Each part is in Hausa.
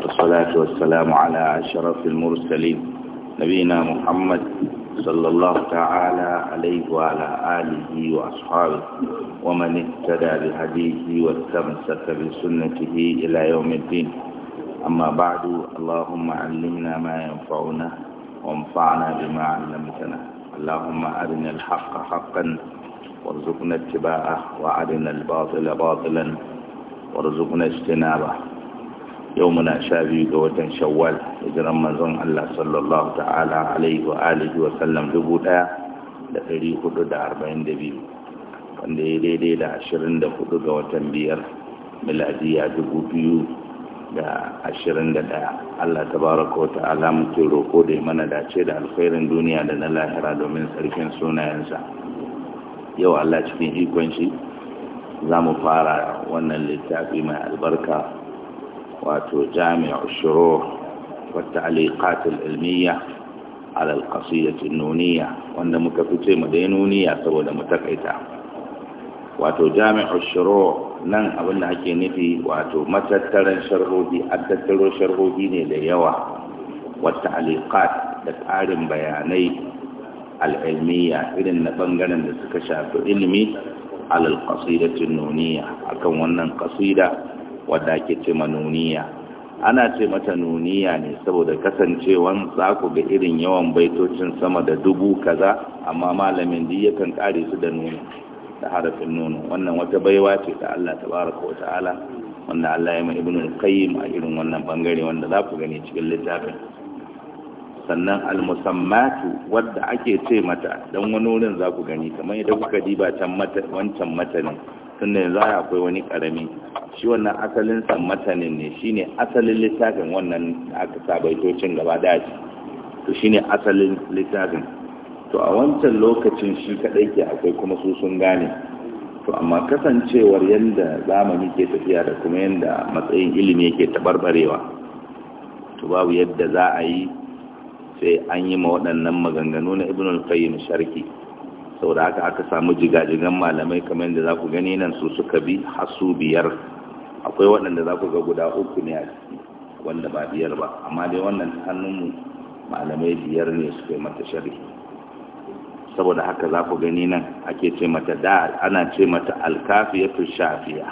والصلاة والسلام على أشرف المرسلين نبينا محمد صلى الله تعالى عليه وعلى آله وأصحابه ومن اهتدى بهديه واستمسك بسنته إلى يوم الدين أما بعد اللهم علمنا ما ينفعنا وانفعنا بما علمتنا اللهم أرنا الحق حقا وارزقنا اتباعه وأرنا الباطل باطلا وارزقنا اجتنابه yau muna sha biyu ga watan shawwal jiran manzon Allah sallallahu ta'ala alaihi wa alihi wa sallam dubu ɗaya da ɗari hudu da arba'in da biyu wanda ya daidai da ashirin da hudu ga watan biyar miladiya dubu biyu da ashirin da ɗaya Allah ta baraka wa ta'ala mutum roƙo da ya mana dace da alkhairin duniya da na lahira domin sarkin sunayensa yau Allah cikin ikon shi za mu fara wannan littafi mai albarka wato jami'ar shiro wata alikatul ilmiya alal da nuniya wanda muka fice mu dai nuniya saboda mu taƙaita. wato jami'u shuru nan abin da ake nufi wato matattaran sharhohi addattaro sharhobi ne da yawa wata alikat da ƙarin bayanai al'ilmiya irin na bangaren da suka shafi ilimi alal da nuniya akan wannan qasida wadda ake ce manuniya ana ce mata nuniya ne saboda kasancewan za ku ga irin yawan baitocin sama da dubu kaza amma malamin duk yakan kare su da nuni da harafin nono wannan wata baiwa ce ta Allah tabaraka wa ta'ala wanda Allah ya mai ibnu qayyim a irin wannan bangare wanda za ku gani cikin littafin sannan musammatu wadda ake ce mata dan wani wurin za ku gani kamar yadda kuka diba can mata wancan matanin tunda yanzu ya akwai wani karami shi wannan asalin sammatanin ne shine asalin littafin wannan da aka sabaitocin gaba daya to shine asalin littafin to a wancan lokacin shi kaɗai ke akwai kuma su sun gane to amma kasancewar yadda zamani ke tafiya da kuma yadda matsayin ilimi yake tabarbarewa to babu yadda za a yi sai an yi ma waɗannan maganganu na ibn al fayyim saboda haka aka samu jigajigan malamai kamar yadda za ku gani nan su suka bi hasu biyar akwai waɗanda za ku ga guda uku ne a ciki wanda ba biyar ba amma dai wannan hannunmu malamai biyar ne suka yi mata shari saboda haka za ku gani nan ake ce mata da ana ce mata alkafiyatu shafiya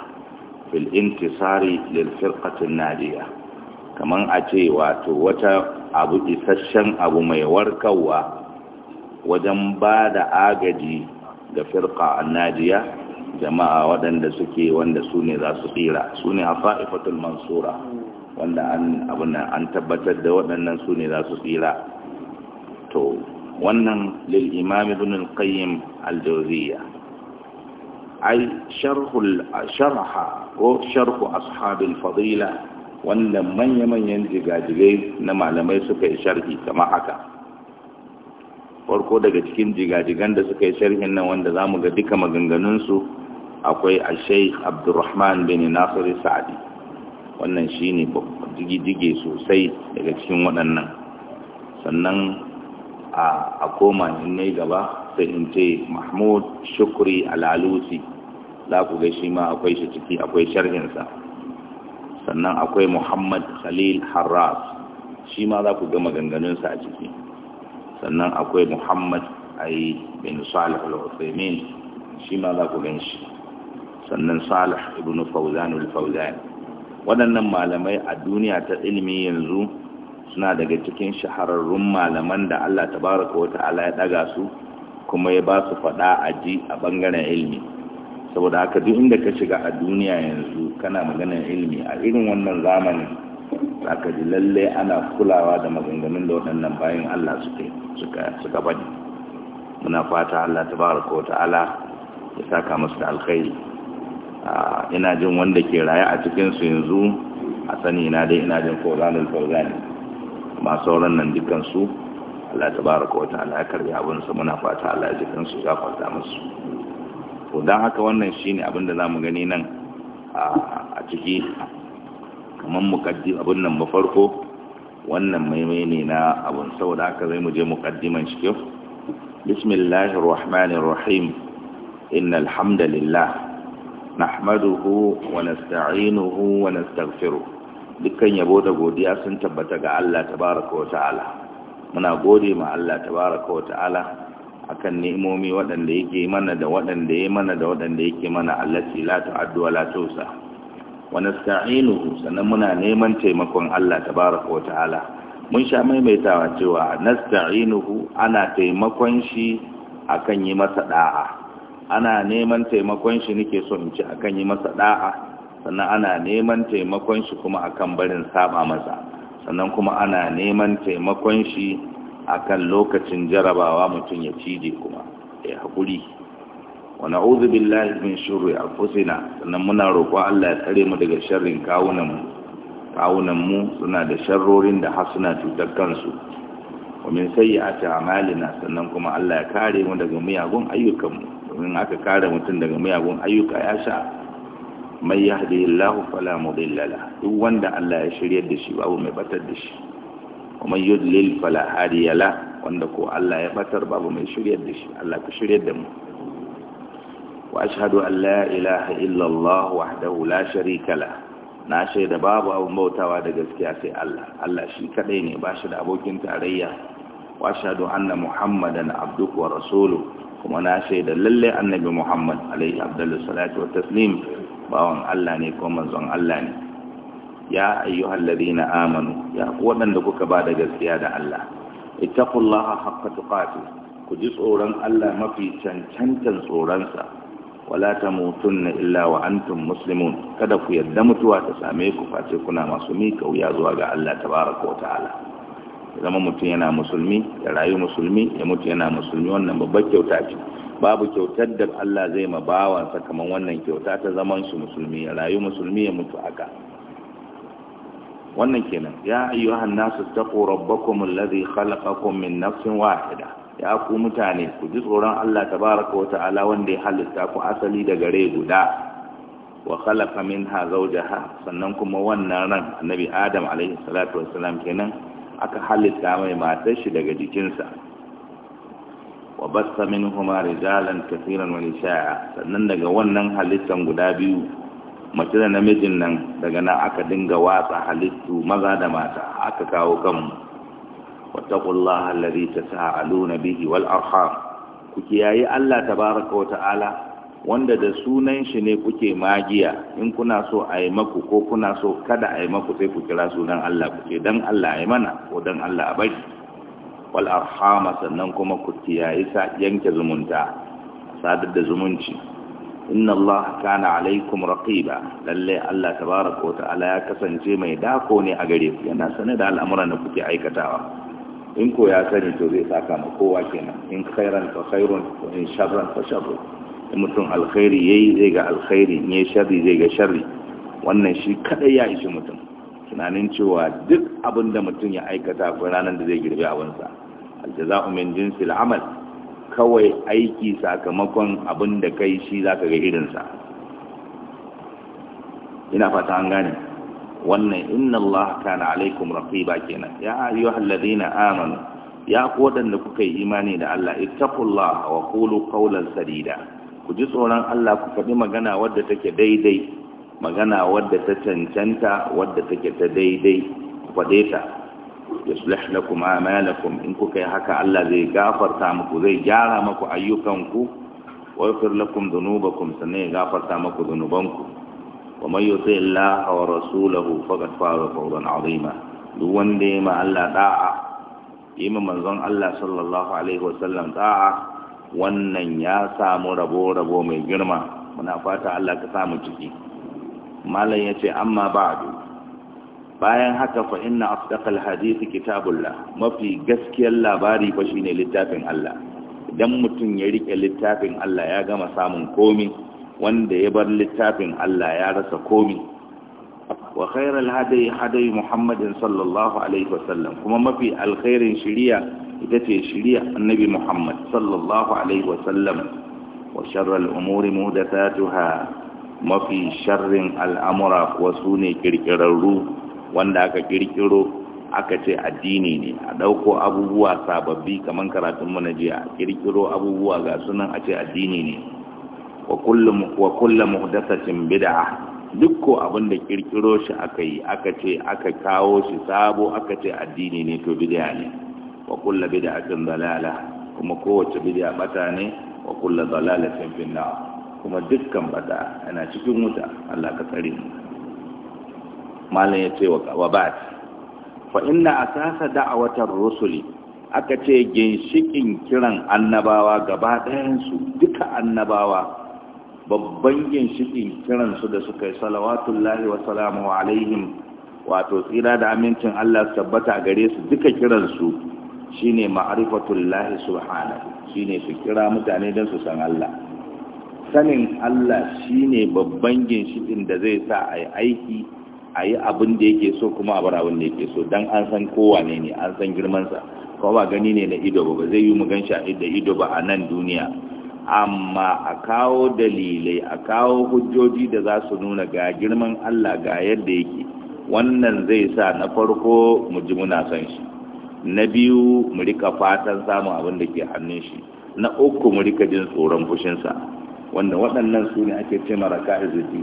fil intisari lil firqatin nadiya Kamar a ce wato wata abu isasshen abu mai warkarwa wajen ba da agaji ga firka annajiya jama'a waɗanda suke wanda su ne za su tsira su ne a fa'ifatul mansura wanda an tabbatar da waɗannan su ne za su tsira to wannan lil imam ibn al-qayyim al ai sharha ko sharhu ashabil fadila wanda manya-manyan jigajigai na malamai suka yi sharhi kamar haka farko daga cikin jigajigan da suka yi sharhin nan wanda za mu ga duka maganganunsu akwai ashai abdurrahman bin nasir sa'adi wannan shi ne jige sosai daga cikin waɗannan sannan a koma in ne gaba sai in ce mahmud shukri alalusi za ku ga shi ma akwai shi ciki akwai sharhinsa sannan akwai muhammad khalil harras shi ma za ku ga maganganunsa a ciki sannan akwai muhammad ayi bin salih al shi ma za ku gan sannan salih ibn fawzan al fawzan waɗannan malamai a duniya ta ilimi yanzu suna daga cikin shahararrun malaman da Allah tabaraka wa ta'ala ya daga su kuma ya ba su faɗa a ji a ɓangaren ilimi saboda haka duk inda ka shiga a duniya yanzu kana maganar ilimi a irin wannan zamanin za ka ji lallai ana kulawa da maganganun da waɗannan bayan Allah suke suka bani muna fata Allah ta tabaraka ko ta'ala ya saka musu da alkhairi ina jin wanda ke raye a cikinsu yanzu a sani na dai ina jin fawzanul fawzani amma sauran nan dukkan su Allah bar ko ta'ala ya karbi abin su muna fata Allah ya jikan ya kwata musu to dan haka wannan shine abin da mu gani nan a ciki kamar muqaddim abin nan mafarko wannan maimai ne na abun saboda haka zai mu je muqaddiman shi kyau bismillahir rahmanir rahim innal hamdalillah nahmaduhu wa nasta'inuhu wa nastaghfiruh dukkan yabo da godiya sun tabbata ga Allah tabaraka wa ta'ala muna gode ma Allah tabaraka wa ta'ala akan ni'imomi waɗanda yake mana da waɗanda yake mana da waɗanda yake mana Allah la ta'addu wa la tusa wa nasta'inuhu sannan muna neman taimakon Allah tabaraka wa ta'ala mun sha maimaitawa cewa nasta'inuhu ana taimakon shi akan yi masa da'a ana neman taimakon shi nake so in ci akan yi masa ɗa'a, sannan ana neman taimakon shi kuma akan barin saba masa sannan kuma ana neman taimakon shi akan lokacin jarabawa mutum ya cije kuma ya haƙuri wa bi billahi min a fusina sannan muna roƙo Allah ya tsare mu daga sharrin kawunan mu kawunan mu suna da sharrorin da hasuna cutar kansu wa min sayyi'ati a'malina sannan kuma Allah ya kare mu daga miyagun ayyukan mu domin aka kare mutum daga miyagun ayyuka ya sha mai ya yahdihillahu fala mu la duk wanda Allah ya shirya da shi babu mai batar da shi wa man yudlil fala hadiya la wanda ko Allah ya batar babu mai shirya da shi Allah ku shirya da mu وأشهد أن لا إله إلا الله وحده لا شريك له na shaida babu abin bautawa da gaskiya sai Allah Allah shi kadai ne ba shi da abokin tarayya wa ashhadu anna muhammadan abduhu rasuluhu kuma na shaida lalle annabi muhammad alaihi afdalus salatu wa taslim bawan Allah ne ko manzon Allah ne ya ayyuhalladhina amanu ya waɗanda kuka ba da gaskiya da Allah Ita ittaqullaha haqqa tuqatih ku ji tsoron Allah mafi cancantan tsoronsa wala ta na illa wa antum muslimun kada ku yadda mutuwa ta same ku face kuna masu mika wuya zuwa ga Allah tabaraka wa ta'ala zama mutum yana musulmi ya rayu musulmi ya mutu yana musulmi wannan babbar kyauta ce babu kyautar da Allah zai ma bawansa kamar wannan kyauta ta zaman su musulmi ya rayu musulmi ya mutu aka. wannan kenan ya ayyuhan nasu taqu rabbakum alladhi khalaqakum min nafsin wahida ya ku mutane ku ji tsoron Allah tabaraka wa ta'ala wanda ya halitta ku asali da gare guda wa khalaqa minha zawjaha sannan kuma wannan ran Nabi Adam alaihi salatu wassalam kenan aka halitta mai matar shi daga jikinsa wa bassa minhuma rijalan kathiran wa nisaa sannan daga wannan halittan guda biyu mace da namijin nan daga nan aka dinga watsa halittu maza da mata aka kawo kanmu واتقوا الله الذي تساءلون به والأرحام كياي الله تبارك وتعالى wanda da sunan shi ne kuke magiya in kuna so a yi maku ko kuna so kada a yi maku sai ku kira sunan Allah ku ce dan Allah ya mana ko dan Allah a bari wal sannan kuma ku kiyaye sa yanke zumunta sadar da zumunci inna Allah kana alaikum raqiba lalle Allah tabaraka wa ta'ala ya kasance mai dako ne a gare ku yana sanar da al'amuran da kuke aikatawa in ko ya sani to zai saka ma kowa kenan in khairan fa khairun wa in sharran fa sharrun in mutum alkhairi yayi zai ga alkhairi in yayi sharri zai ga sharri wannan shi kadai ya ishi mutum tunanin cewa duk abin da mutum ya aikata a ranan da zai girbe abinsa aljaza'u min jinsi al'amal kawai aiki sakamakon abin da kai shi zaka ga irin sa ina fata an gane wannan inna Allah kana alaikum raqiba kenan ya ayyuhal ladina amanu ya ku wadanda kuka yi imani da Allah ittaqullaha wa qulu qawlan sadida ku ji tsoron Allah ku faɗi magana wadda take daidai magana wadda ta cancanta wadda take ta daidai ku faɗe ta yuslih lakum a'malakum in kuka yi haka Allah zai gafarta muku zai gyara muku ayyukanku wa yaghfir lakum dhunubakum sannan ya gafarta muku dhunubanku ومن يطع الله ورسوله فقد فاز فوزا عظيما duk wanda ya ma Allah da'a yi ma manzon Allah sallallahu alaihi wasallam da'a wannan ya samu rabo rabo mai girma muna fata Allah ka samu ciki malam yace amma ba'du bayan haka fa inna asdaqal hadith kitabullah mafi gaskiyar labari fa ne littafin Allah idan mutum ya riƙe littafin Allah ya gama samun komi wanda ya bar littafin Allah ya rasa komi wa khairal hadayi hadayi muhammadin sallallahu alaihi wasallam kuma mafi alkhairin shiriya ita ce shiriya annabi muhammad sallallahu alaihi wasallam wa sharral umuri muhdathatuha mafi sharrin al'amura kuwa su ne kirkirarru wanda aka kirkiro aka ce addini ne a ɗauko abubuwa sababbi kamar karatunmu na jiya kirkiro abubuwa ga sunan a ce addini ne wa kullum wa kullum muhdathatin bid'a duk ko abin da kirkiro shi aka yi aka ce aka kawo shi sabo aka ce addini ne to bid'a ne wa kullu bid'atin dalala kuma kowace bid'a bata ne wa kullu dalalatin finnar kuma dukkan bata yana cikin wuta Allah ka tsare mu malam ya ce wa ba'd fa inna asasa da'awatar rusuli aka ce ginshikin kiran annabawa gaba su duka annabawa babban ginshiƙin kiransu da suka yi salawatullahi wa salamu alaihim wato tsira da amincin Allah tabbata gare su duka kiransu shine ma'rifatullahi subhanahu shine su kira mutane don su san Allah sanin Allah shine babban ginshiƙin da zai sa a yi aiki a yi abin da yake so kuma a bar da yake so don an san kowa ne ne an san girmansa kuma gani ne na ido ba zai yi mu gan da da ido ba a nan duniya amma a kawo dalilai a kawo hujjoji da za su nuna ga girman Allah ga yadda yake wannan zai sa na farko mu ji muna son shi na biyu mu rika fatan samun abin da ke hannun shi na uku mu rika jin tsoron fushinsa wanda waɗannan su ne ake ce maraka izuti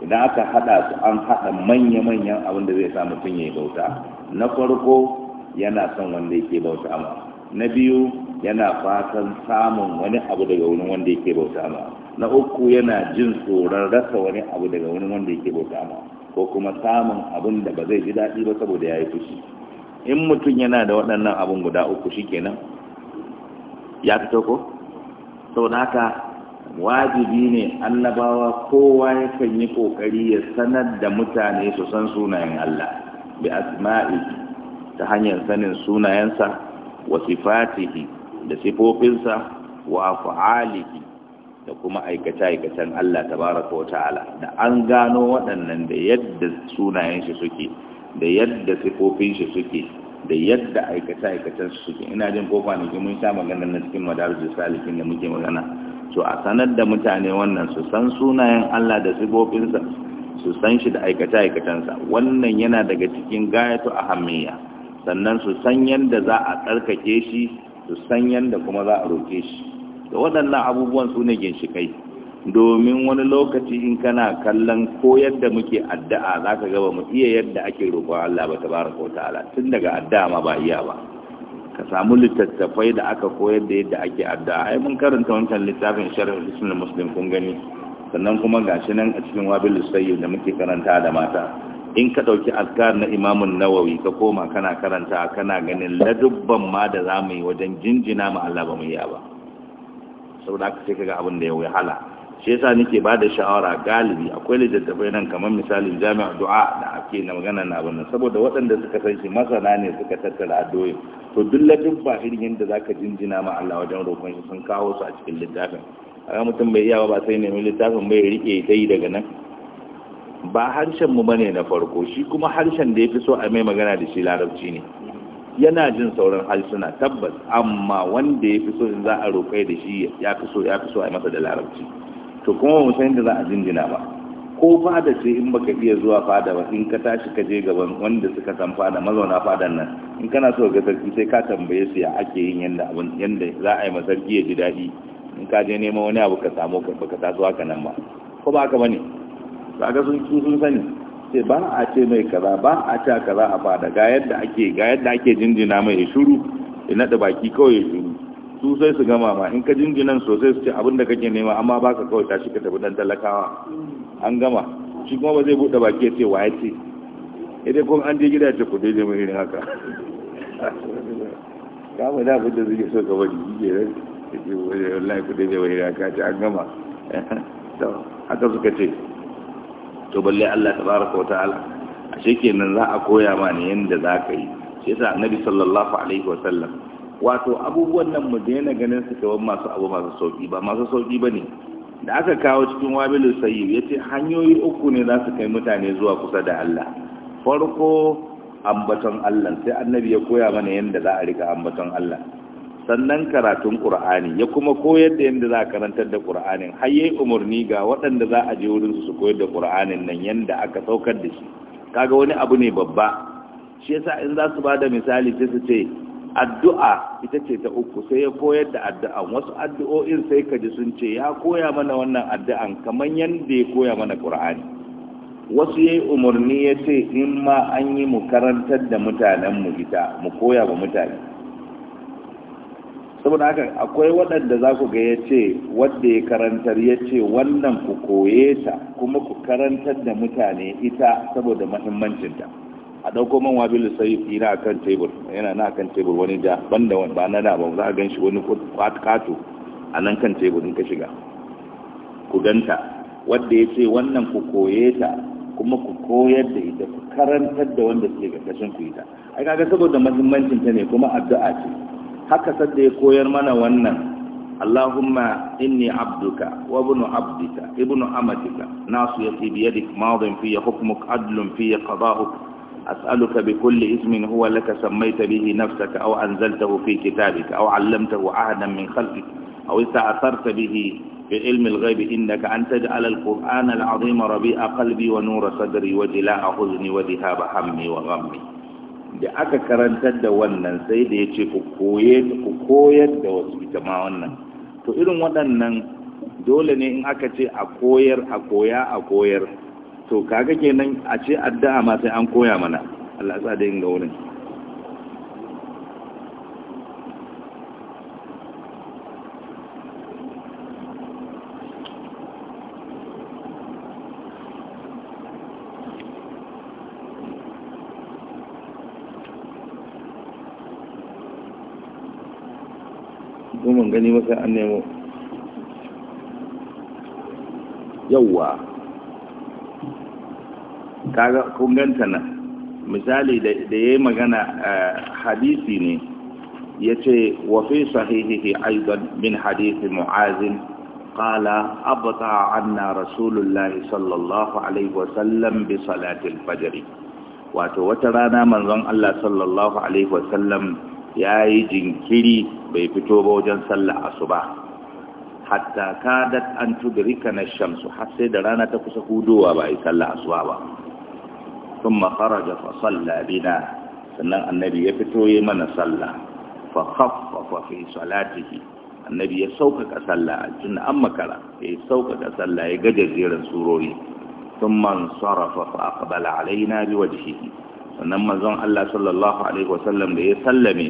idan aka haɗa su an haɗa manya-manyan abin da zai sa mutum ya bauta na farko yana son wanda yake bauta ma na biyu yana fatan samun wani abu daga wani wanda yake bauta ma na uku yana jin tsoron rasa wani abu daga wani wanda yake bauta ma ko kuma samun abin da ba zai ji daɗi ba saboda ya yi fushi in mutum yana da waɗannan abin guda uku shikenan ya fito ko saboda haka wajibi ne annabawa kowa yakan yi kokari ya sanar da mutane su san sunayen Allah bi asma'i ta hanyar sanin sunayensa wa sifatihi da sifofinsa wa fa'alihi da kuma aikace-aikacen Allah tabaraka wa ta'ala da an gano waɗannan da yadda sunayen shi suke da yadda sifofin shi suke da yadda aikace-aikacen shi suke ina jin ko kwanaki mun sha magana na cikin madarajin salikin da muke magana To a sanar da mutane wannan su san sunayen Allah da sifofinsa su san shi da aikace-aikacensa wannan yana daga cikin gayatu ahammiya sannan su san yadda za a tsarkake shi su san yanda kuma za a roke shi da waɗannan abubuwan su ne ginshikai domin wani lokaci in kana kallon ko yadda muke addu'a za ka gaba mu iya yadda ake roƙon Allah ba tabaraka wa ta'ala tun daga addu'a ma ba iya ba ka samu littattafai da aka koyar da yadda ake addu'a ai mun karanta wancan littafin sharhi islam muslim kun gani sannan kuma gashi nan a cikin wabil sayyid da muke karanta da mata in ka ɗauki azkar na imamun nawawi ka koma kana karanta kana ganin ladubban ma da za mu yi wajen jinjina ma Allah ba mu yi ba saboda haka sai kaga abin da ya wahala shi yasa nake ba da shawara galibi akwai littattafai nan kamar misali jami'a du'a da ake na magana na abin nan saboda waɗanda suka san shi masana ne suka tattara addua to duk ladubba irin yadda zaka jinjina ma Allah wajen roƙon shi sun kawo su a cikin littafin kaga mutum bai iya ba sai ne mai littafin bai rike dai daga nan ba harshen mu bane na farko shi kuma harshen da ya fi so a mai magana da shi larabci ne yana jin sauran harsuna tabbas amma wanda ya so in za a roƙai da shi ya fi so ya fi so a masa da larabci to kuma mu san da za a jinjina ba ko fada ce in baka iya zuwa fada ba in ka tashi ka je gaban wanda suka san fada mazauna fadan nan in kana so ga sarki sai ka tambaye su ya ake yin yanda abin yanda za a yi sarki ya ji daɗi in ka je neman wani abu ka samu baka taso haka nan ba ko ba haka bane kaga sun su sun sani sai ba a ce mai kaza ba a ta kaza a fada ga yadda ake ga yadda ake jinjina mai shuru ya nada baki kawai ya shuru su sai su gama ma in ka jinjinan sosai su ce abin da kake nema amma ba ka kawai tashi ka tafi dan talakawa an gama shi kuma ba zai bude baki ya ce waye ce idan kuma an je gida ce ku daidai mai irin haka ka mai da abin da zai so ka bari yi ke wallahi ku daidai mai irin haka ce an gama haka suka ce to balle Allah tabaraka wa ta'ala ashe kenan za a koya ma ne yanda za ka yi shi yasa annabi sallallahu alaihi wa sallam wato abubuwan nan mu daina ganin su kawai masu abu masu sauki ba masu sauki bane da aka kawo cikin wabilu sayyid yace hanyoyi uku ne za su kai mutane zuwa kusa da Allah farko ambaton Allah sai annabi ya koya mana yanda za a rika ambaton Allah sannan karatun ƙur'ani ya kuma koyar da yadda za a karantar da ƙur'anin har yi umarni ga waɗanda za a je wurin su koyar da ƙur'anin nan yadda aka saukar da shi kaga wani abu ne babba shi yasa in za su ba misali sai su ce addu'a ita ce ta uku sai ya koyar da addu'an wasu addu'o'in sai ka ji sun ce ya koya mana wannan addu'an kamar yadda ya koya mana ƙur'ani wasu yayi umarni ya ce in ma an yi mu karantar da mutanenmu ita mu koya wa mutane saboda haka akwai waɗanda za ku ga ya ce wadda ya karantar ya ce wannan ku koye ta kuma ku karantar da mutane ita saboda mahimmancinta a ɗauko man wabilu sai ina a kan tebur yana na kan tebur wani ban banda wani ba na da ba za a gan shi wani kato a nan kan tebur in ka shiga ku ganta wadda ya ce wannan ku koye ta kuma ku koyar da ita ku karantar da wanda suke kashin ku ita ai kaga saboda mahimmancinta ne kuma addu'a ce haka sadda ya koyar mana wannan Allahumma inni abduka wa ibnu abdika ibnu amatika nasiyati bi yadik madin fi hukmuk adlun fi أسألك بكل اسم هو لك سميت به نفسك أو أنزلته في كتابك أو علمته عهدا من خلقك أو استأثرت به في علم الغيب إنك أن تجعل القرآن العظيم ربيع قلبي ونور صدري وجلاء حزني وذهاب همي وغمي da aka karantar da wannan sai da ya ce ku koyar da wasu ita ma wannan to irin waɗannan dole ne in aka ce a koyar a koya a koyar to kaga kenan a ce addu'a ma sai an koya mana Allah ya sa da yin ga wurin gani masa an nemo yawwa kaga kun ganta nan misali da ya yi magana eh, hadisi ne ya ce wafi sahihihi aidan min hadisi mu'azin qala abta anna rasulullahi sallallahu alaihi wasallam bi salatin fajari wato wata rana manzon Allah sallallahu alaihi wasallam ya yi jinkiri bai fito ba wajen sallah ba. hatta ka kadat an tudrika na shamsu har sai da rana ta kusa hudowa ba yi sallah asuba ba sun makaraja fa salla bina sannan annabi ya fito yi mana sallah fa khaffafa fi salatihi annabi ya sauƙaƙa sallah a tun an makara ya sauƙaƙa sallah ya gajejjeran surori sun man sarrafa fa aqbala alaina bi wajhihi sannan mazan Allah sallallahu alaihi wasallam da ya sallame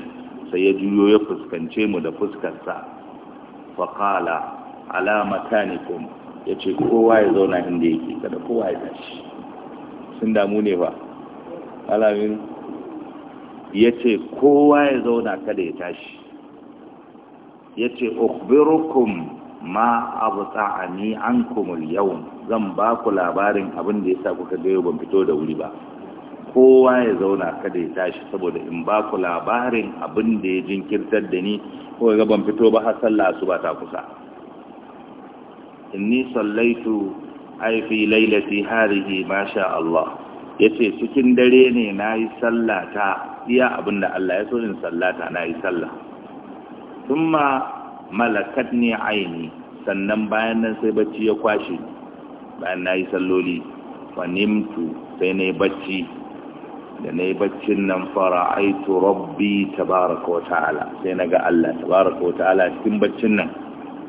sai ya juyo ya fuskance mu da fuskarsa faƙala alamata ne kuma ya ce kowa ya zauna inda yake kada kowa ya tashi sun damu ne ba alamin ya ce kowa ya zauna kada ya tashi ya ce ukbirukum ma abu tsa'ani an kumul yawon zan ba ku labarin abin da ya sa kuka gaiwa ban fito da wuri ba kowa ya zauna kada ya tashi saboda in ba ku labarin abin da ya jinkirtar da ni ko ga ban fito ba har sallah su ba ta kusa inni sallaitu ai fi lailati harihi masha Allah yace cikin dare ne nayi ta iya abin da Allah ya so in sallata nayi sallah thumma malakatni aini sannan bayan nan sai bacci ya kwashe bayan nayi salloli fa nimtu sai nayi bacci da na yi baccin nan fara aitu rabbi tabaraka wa ta'ala sai na ga Allah tabaraka wa ta'ala cikin baccin nan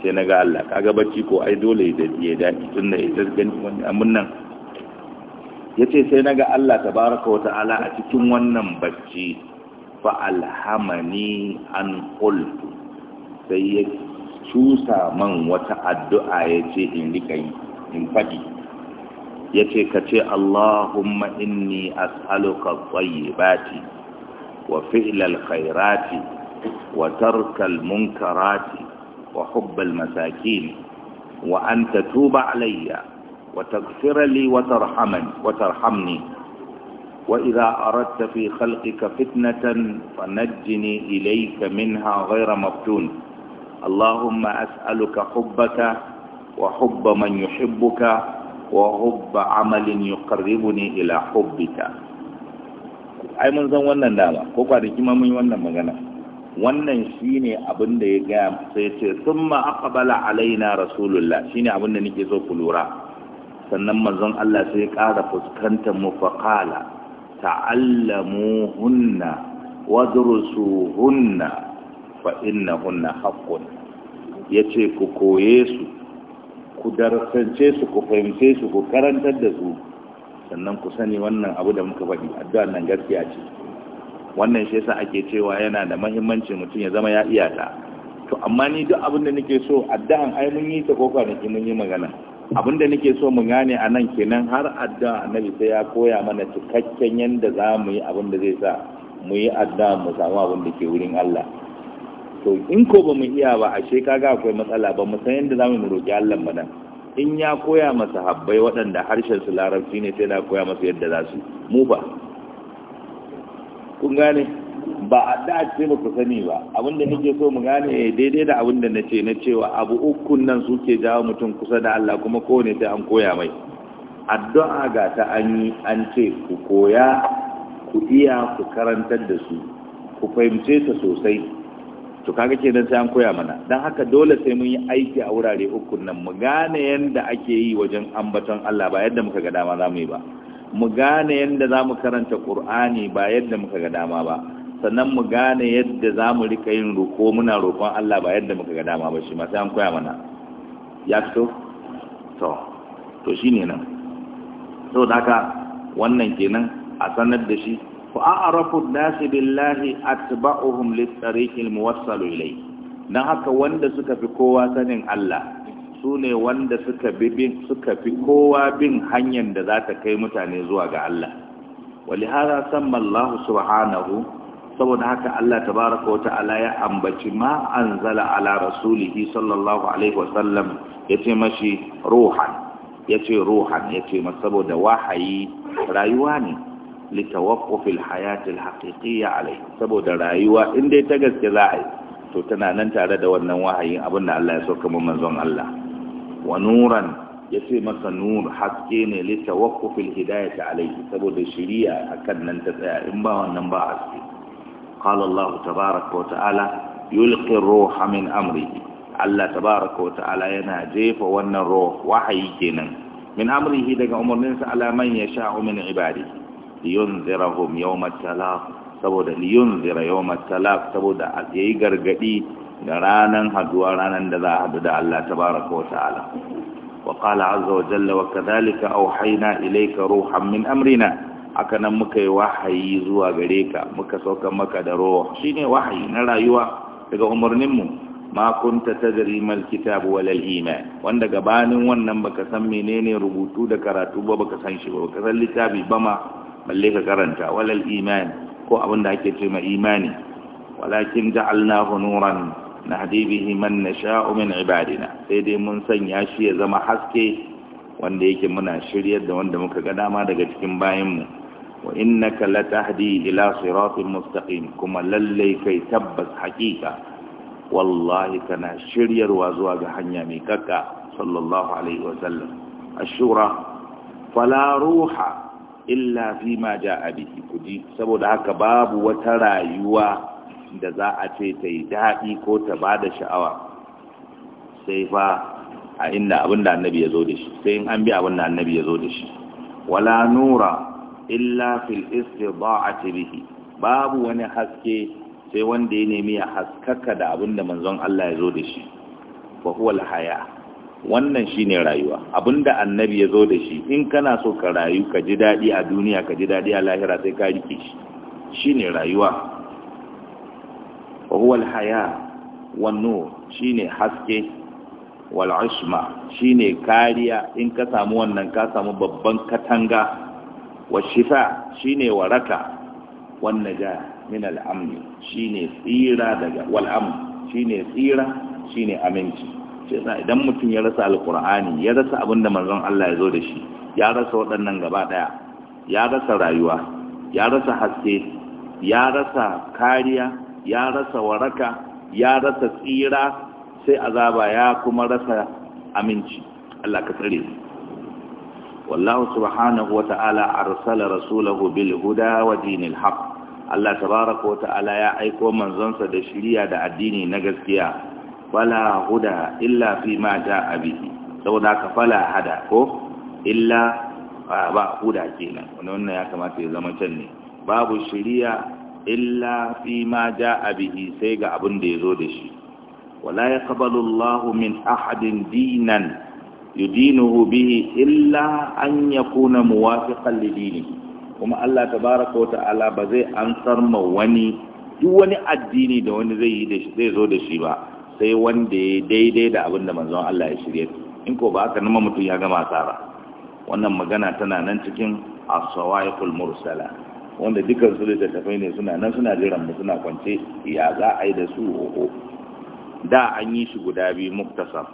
sai na ga Allah kaga bacci ko ai dole da ya daɗi tun da ya gani wani amun nan ya ce sai na ga Allah tabaraka wa ta'ala a cikin wannan bacci fa alhamani an qultu sai ya cusa man wata addu'a ya ce in riƙa yi in faɗi yace kace Allahumma inni as'aluka tayyibati wa fi'lal khairati wa tarkal munkarati wa hubbal masakin wa an tatuba alayya wa taghfir li wa tarhamani wa tarhamni wa idha aradta fi khalqika fitnatan fanajjini ilayka minha ghayra maftun Allahumma as'aluka hubbaka wa hubba man yuhibbuka وحب عمل يقربني ila حبك ai mun san wannan dama ko kwanaki ma mun yi wannan magana wannan shine abin da ya ga sai ce thumma aqbala alaina rasulullah shine abin da nake so ku lura sannan manzon Allah sai ya ƙara fuskantar mu fa qala ta'allamuhunna hunna fa innahunna haqqun yace ku koye su ku darasance su ku fahimce su ku karantar da su sannan ku sani wannan abu da muka faɗi addu'ar nan gaskiya ce wannan shi yasa ake cewa yana da mahimmanci mutum ya zama ya iya ta to amma ni duk abin da nake so addu'an ai mun yi ta ko kwanaki mun yi magana abin da nake so mu gane a nan kenan har addu'a annabi sai ya koya mana cikakken yadda za mu yi abin da zai sa mu yi addu'a mu samu abin da ke wurin Allah to in ko ba mu iya ba ashe kaga akwai matsala ba mu san yadda zamu mu roki Allah ba in ya koya masa habbai waɗanda harshen su larabci ne sai da koya masa yadda za su mu ba kun gane ba a da ce ba ku sani ba abinda nake so mu gane eh, daidai da abinda na na cewa abu ukun nan suke jawo mutum kusa da Allah kuma kowane sai an koya mai addu'a ga ta an yi an ce ku koya ku iya ku karantar da su ku fahimce ta sosai to kaga nan sai an koya mana dan haka dole sai mun yi aiki a wurare uku nan mu gane yanda ake yi wajen ambaton Allah ba yadda muka ga dama mu yi ba mu gane yanda zamu karanta Qur'ani ba yadda muka ga dama ba sannan mu gane yadda zamu rika yin roko muna roƙon Allah ba yadda muka ga dama ba shi ma sai an koya mana ya fito to to shine nan saboda haka wannan kenan a sanar da shi fa'arafu nasi billahi atba'uhum lit-tariqil muwassal ilayhi dan haka wanda suka fi kowa sanin Allah su ne wanda suka fi kowa bin hanyar da za ta kai mutane zuwa ga Allah walihara samma Allah subhanahu saboda haka Allah tabaraka wa ta'ala ya ambaci ma anzala ala rasulihi sallallahu alaihi wa sallam yace mashi ruhan yace ruhan yace ma saboda wahayi rayuwa ne litawaqquf alhayat alhaqiqiyya alai saboda rayuwa in dai ta gaske za a yi to tana nan tare da wannan wahayin abinda Allah ya sauka mun manzon Allah wa nuran yace masa nur haske ne litawaqquf alhidayat alai saboda shiriya akan nan ta tsaya in ba wannan ba haske qala Allah tabaarak wa ta'ala yulqi ruha min amrihi Allah tabaraka wa ta'ala yana jefa wannan ruh wahayi kenan min amrihi daga umarninsa ala man yasha'u min ibadihi Zirahum yawmat talaq saboda liyunzira yawmat talaq saboda a yi gargadi da ranan haduwa ranan da za a hadu da Allah tabaraka wa ta'ala wa qala azza wa jalla wa kadhalika awhayna ilayka ruhan min amrina haka nan muka yi wahayi zuwa gare ka muka saukan maka da ruwa shine wahayi na rayuwa daga umarninmu ma ta tadri mal kitab wal iman wanda gabanin wannan baka san menene rubutu da karatu ba baka san shi ba baka san littafi ba ma balle ka karanta walal iman ko abin da ake ce ma imani walakin ja'alnahu nuran nahdi bihi man nasha'u min ibadina sai dai mun sanya shi ya zama haske wanda yake muna shiryar da wanda muka ga dama daga cikin bayanmu wa innaka latahdi ila siratin mustaqim kuma lallai kai tabbas haqiqa wallahi kana shiryarwa zuwa ga hanya mai kakka sallallahu alaihi wasallam ashura fala ruha illa fi ma ja'a bihi kudi saboda haka babu wata rayuwa da za a ce ta yi daɗi ko ta ba da sha'awa sai fa a inda abin da annabi ya zo da shi sai in an bi abin da annabi ya zo da shi wala nura illa fil istida'ati bihi babu wani haske sai wanda ya nemi ya haskaka da abin da manzon Allah ya zo da shi wa huwa al-haya wannan shine rayuwa abinda annabi ya zo da shi in kana so ka rayu ka ji daɗi a duniya ka ji daɗi a lahira sai ka rike shi shine rayuwa wa huwa haya wan nur shine haske wal ishma shine kariya in ka samu wannan ka samu babban katanga wa shifa shine waraka wan naja min al amn shine tsira daga wal amn shine tsira shine aminci idan mutum ya rasa alkur'ani ya rasa abin da manzon Allah ya zo da shi ya rasa waɗannan gaba ɗaya ya rasa rayuwa ya rasa haske ya rasa kariya ya rasa waraka ya rasa tsira sai azaba ya kuma rasa aminci Allah ka tsare wallahu subhanahu wa ta'ala arsala rasulahu bil huda wa dinil haqq Allah tabaraka wa ta'ala ya aiko manzonsa da shiriya da addini na gaskiya fala huda illa fi ma ja'a bihi saboda ka fala hada ko illa ba huda kenan wannan ya kamata ya zama can ne babu shiriya illa fi ma ja'a bihi sai ga abin da yazo da shi wala yaqbalu Allahu min ahadin dinan yudinuhu bihi illa an yakuna muwafiqan lidinihi kuma Allah tabaraka wa ta'ala ba zai ansar ma wani duk wani addini da wani zai yi da shi zai zo da shi ba sai wanda ya daidai da abin da manzon Allah ya shirye in ko ba haka nama mutum ya gama tsara. wannan magana tana nan cikin as-sawa'iqul mursala wanda dukkan su da tafai ne suna nan suna jiran mu suna kwance ya za a yi da su oho da an yi shi guda biyu muktasar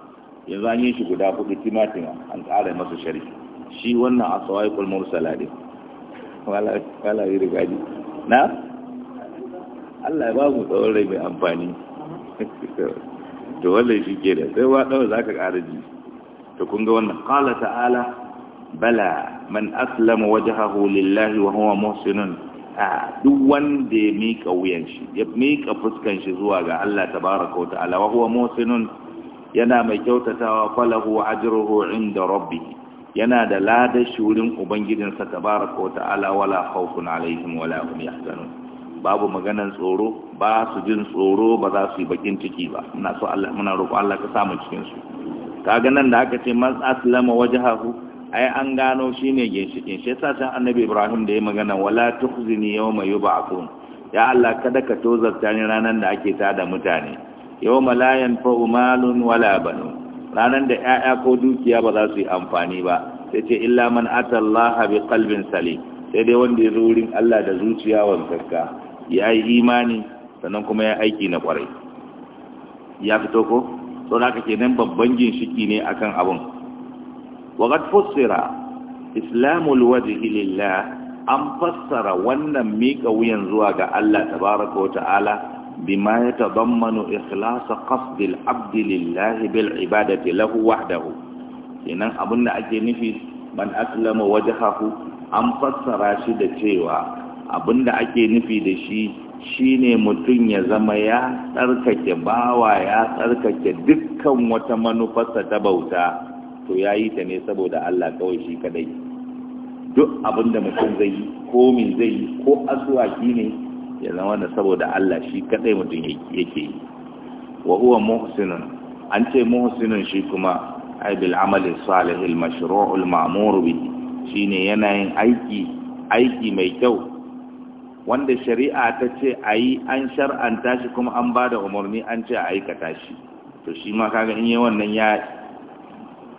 yanzu an yi shi guda hudu timatima an ƙara masa shari shi wannan as-sawa'iqul mursala ne wala wala yi rigadi na Allah ya ba mu tsawon rai mai amfani to wallahi shi ke da sai waɗawa za ka ƙara ji to kun ga wannan ƙala ta'ala bala man aslama wajahahu lillahi wa huwa muhsinun a duk wanda ya miƙa wuyan shi ya miƙa fuskan shi zuwa ga Allah tabaraka wa ta'ala wa huwa muhsinun yana mai kyautatawa falahu ajruhu inda rabbi yana da ladar shi wurin ubangijinsa tabaraka wa ta'ala wala khawfun alaihim wala hum yahzanun babu maganar tsoro ba su jin tsoro ba za su yi bakin ciki ba muna so Allah muna roƙo Allah ka samu cikin su kaga nan da aka ce man aslama wajhahu ai an gano shine ginshikin shi yasa san annabi Ibrahim da ya magana wala tukhzini yawma yub'athun ya Allah kada ka tozarta ni ranan da ake tada mutane yawma la yanfa'u malun wala banun ranan da 'ya'ya ko dukiya ba za su yi amfani ba sai ce illa man atallaha bi qalbin salim sai dai wanda ya zo wurin Allah da zuciya wankakka ya yi imani sannan kuma ya aiki na kwarai ya fito ko to da haka kenan babban ginshiki ne akan abun wa qad islamul wajhi lillah an fassara wannan mika wuyan zuwa ga Allah tabaraka wa ta'ala bima yatadammanu ikhlas qasdil abd lillah bil ibadati lahu wahdahu kenan abun da ake nufi man aslama wajhahu an fassara shi da cewa abin ake nufi da shi shine mutum ya zama ya tsarkake bawa ya tsarkake dukkan wata manufarsa ta bauta to ya yi ta ne saboda Allah kawai shi kadai duk abin mutum zai yi ko me zai yi ko asuwaki ne ya zama da saboda Allah shi kadai mutum yake yi wa huwa muhsinun an ce muhsinun shi kuma ai bil amali salihil mashru'ul ma'mur bi shine yana yin aiki aiki mai kyau wanda shari'a ta ce a yi an shar'anta shi kuma an ba da umarni an ce a aikata shi to shi ma kaga in yi wannan ya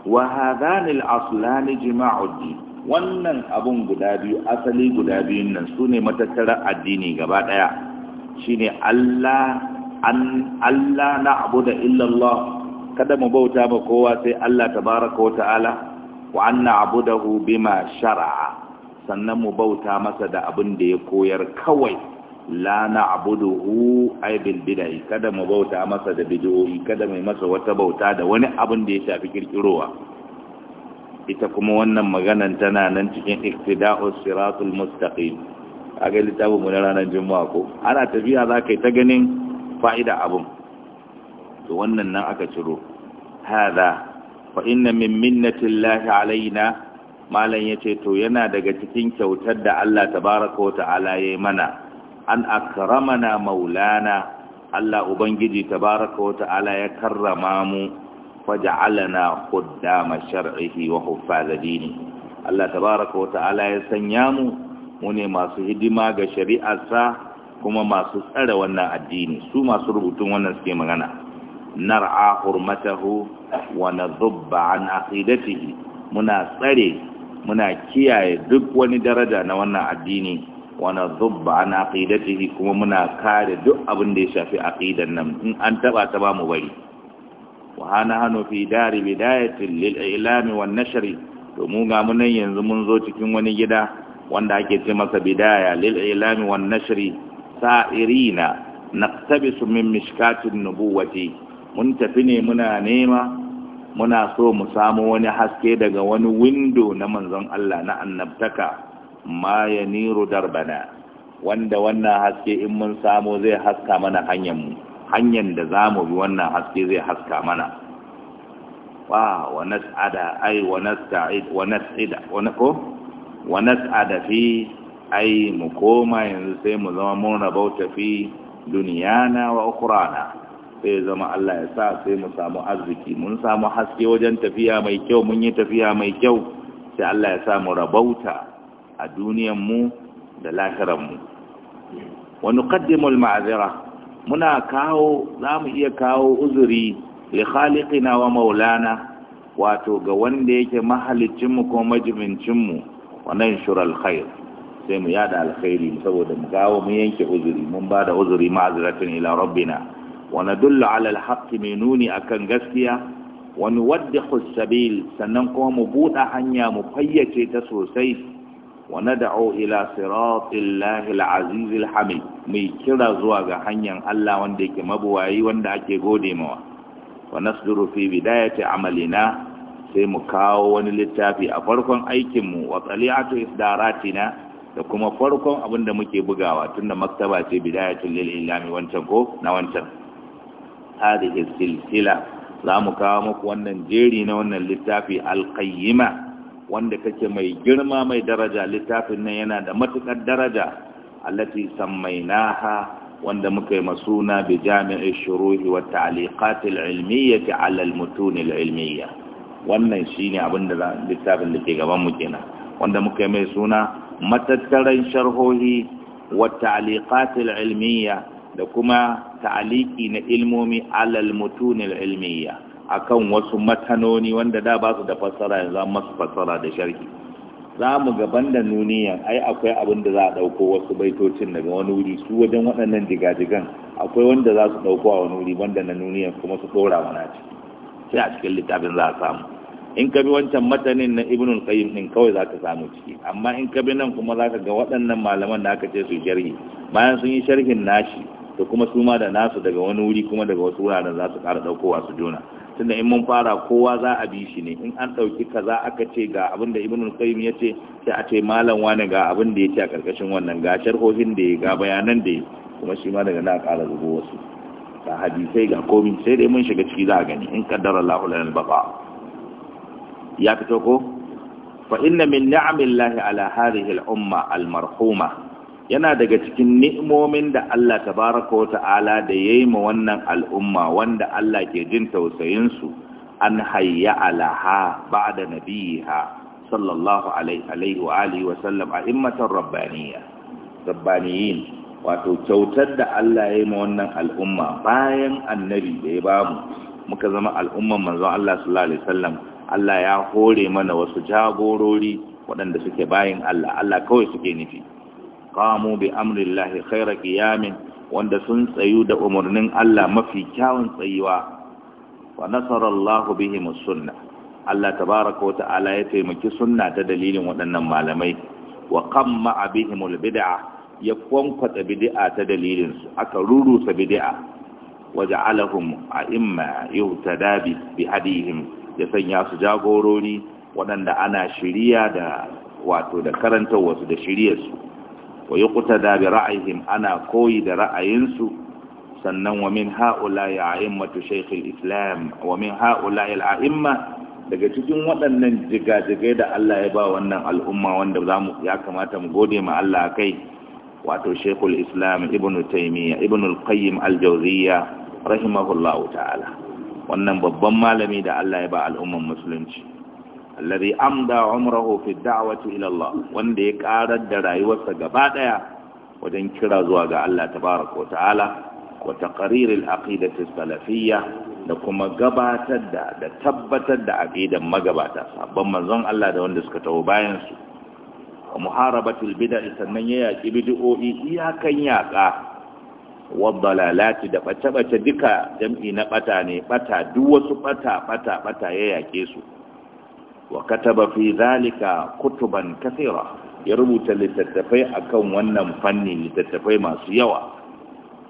wa hadhanil aslani jima'uddi wannan abun guda biyu asali guda biyun nan sune matattarar addini gaba daya shine Allah an Allah na'budu illa Allah kada mu bauta ba kowa sai Allah tabaraka wa ta'ala wa an na'budahu bima shar'a sannan mu bauta masa da abin da ya koyar kawai la na'buduhu ay bil kada mu bauta masa da bid'o'i kada mai masa wata bauta da wani abin da ya shafi kirkirowa ita kuma wannan maganan tana nan cikin iktida'us siratul mustaqim kaga littafin mu na ranar juma'a ko ana tafiya za kai ta ganin fa'ida abin. to wannan nan aka ciro hada fa inna min minnatillahi alaina malam ya ce to yana daga cikin kyautar da Allah tabaraka ta'ala ya mana an akramana maulana Allah Ubangiji tabaraka ta'ala ya karrama mu faja'alana khuddama shar'ihi wa huffaza dini Allah tabaraka wata'ala ta'ala ya sanya mu mu ne masu hidima ga shari'arsa kuma masu tsare wannan addini su masu rubutun wannan suke magana nar'a hurmatahu wa nadhubba an aqidatihi muna tsare muna kiyaye duk wani daraja na wannan addini wana zubba an kuma muna kare duk abin da ya shafi aqidan nan in an taba ta ba mu bari wa hana hanu fi dari bidayatin lil ilami wan to mu ga mun yanzu mun zo cikin wani gida wanda ake ce masa bidaya lil ilami wan nashri sa'irina naqtabisu min mishkatin nubuwati mun tafi ne muna nema muna so mu samu wani haske daga wani windo na manzon Allah na annabtaka ma ya niru darbana wanda wannan haske in mun samu zai haska mana hanyar mu hanyar da za mu bi wannan haske zai haska mana wa wa nas'ada ai wa nasta'id wa fi ai mu koma yanzu sai mu zama mun rabauta fi duniyana wa ukhrana sai zama Allah ya sa sai mu samu arziki mun samu haske wajen tafiya mai kyau mun yi tafiya mai kyau sai Allah ya sa mu rabauta a duniyan mu da lahiran mu wa nuqaddimu al muna kawo zamu iya kawo uzuri li khaliqina wa maulana wato ga wanda yake mahalicin mu ko majibincin mu wannan shural khair sai mu yada alkhairi saboda mu kawo mu yanke uzuri mun ba da uzuri ma'azratin ila rabbina wa nadullu ala mai nuni akan gaskiya Wani nuwaddihu sabil sannan kuma mu buɗe hanya mu fayyace ta sosai wa nad'u ila siratil lahi alaziz alhamid mai kira zuwa ga hanyar Allah wanda yake mabuwayi wanda ake gode mawa wa nasduru fi bidayati amalina sai mu kawo wani littafi a farkon aikinmu wa tsali'atu isdaratina da kuma farkon abin da muke bugawa tunda maktaba ce bidayatul lil ilami wancan ko na wancan hadhihi silsila za mu kawo muku wannan jeri na wannan littafi alqayyima wanda kake mai girma mai daraja littafin nan yana da matukar daraja allati sammainaha wanda muka yi masuna bi jami'i shuruhi wa ta'liqat al-ilmiyyah 'ala al-mutun al wannan shine abin da littafin da ke gaban mu kenan wanda muka yi mai suna matattarar sharhohi wa ta'liqat al-ilmiyyah da kuma ta'aliki na ilmomi alal mutunil ilmiya akan wasu matanoni wanda da ba su da fassara yanzu an masu fassara da sharhi za mu gaban da nuniyan ai akwai abin da za a ɗauko wasu baitocin daga wani wuri su wajen waɗannan jigajigan akwai wanda za su ɗauko a wani wuri banda na nuniyan kuma su ɗora wani a ciki sai a cikin littafin za a samu in ka bi wancan matanin na ibnul qayyim din kawai ka samu ciki amma in ka bi nan kuma za ka ga waɗannan malaman da aka ce su sharhi bayan sun yi sharhin nashi da kuma su ma da nasu daga wani wuri kuma daga wasu wuraren za su ƙara ɗaukowa su jona tunda in mun fara kowa za a bi shi ne in an ɗauki kaza aka ce ga abin da ibn qayyim ya ce sai a ce malam wani ga abin da ya ce a ƙarƙashin wannan ga sharhohin da ya ga bayanan da ya kuma shi ma daga na ƙara zubo wasu ga hadisai ga komi sai dai mun shiga ciki za a gani in kaddara Allahu lana al-baqa ya fito ko fa inna min ni'amillahi ala hadhihi al-umma al-marhuma yana daga cikin ni'imomin da Allah tabaraka wa ta'ala da yayi ma wannan al'umma wanda Allah ke jin tausayin su an hayya alaha ba'da nabiha sallallahu alaihi wa alihi wa sallam a'immatan rabbaniyya rabbaniyin wato kyautar da Allah ya yi ma wannan al'umma bayan annabi da ya bamu muka zama al'umman manzon Allah sallallahu alaihi wasallam Allah ya hore mana wasu jagorori waɗanda suke bayan Allah Allah kawai suke nufi qamu bi amrillahi khayra qiyamin wanda sun tsayu da umarnin Allah mafi kyawun tsayuwa wa nasarallahu bihim sunna Allah tabaraka wa ta'ala ya taimaki sunna ta dalilin waɗannan malamai wa qamma bihimul bid'a ya kwankwata bid'a ta dalilin su aka rurusa bid'a wa ja'alahum a'imma yuhtada bi hadihim ya sanya su jagorori waɗanda ana shiriya da wato da karanta wasu da shiryarsu wa yuqtada bi ra'ayhim ana koyi da ra'ayinsu sannan wa min ha'ula ya a'immatu shaykhul islam wa min ha'ula al a'imma daga cikin waɗannan jigajigai da Allah ya ba wannan al'umma wanda ya kamata mu gode ma Allah kai wato shaykhul islam ibnu taymiya ibnu al-qayyim al-jawziyya rahimahullahu ta'ala wannan babban malami da Allah ya ba al'umman musulunci alladhi amda umrahu fi da'wati ila Allah wanda ya karar da rayuwarsa gaba daya wajen kira zuwa ga Allah tabaraka wa ta'ala wa taqrir al-aqidati salafiyya da kuma gabatar da da tabbatar da aqidan magabata sabban manzon Allah da wanda suka tawo bayan su wa muharabatul bid'a sannan ya yaki bid'o'i iyakan yaka waddalalati da ɓace-ɓace duka jam'i na ɓata ne ɓata duk wasu ɓata ɓata ɓata ya yake su wa kataba fi zalika kutuban kathira ya rubuta littattafai akan wannan fanni littattafai masu yawa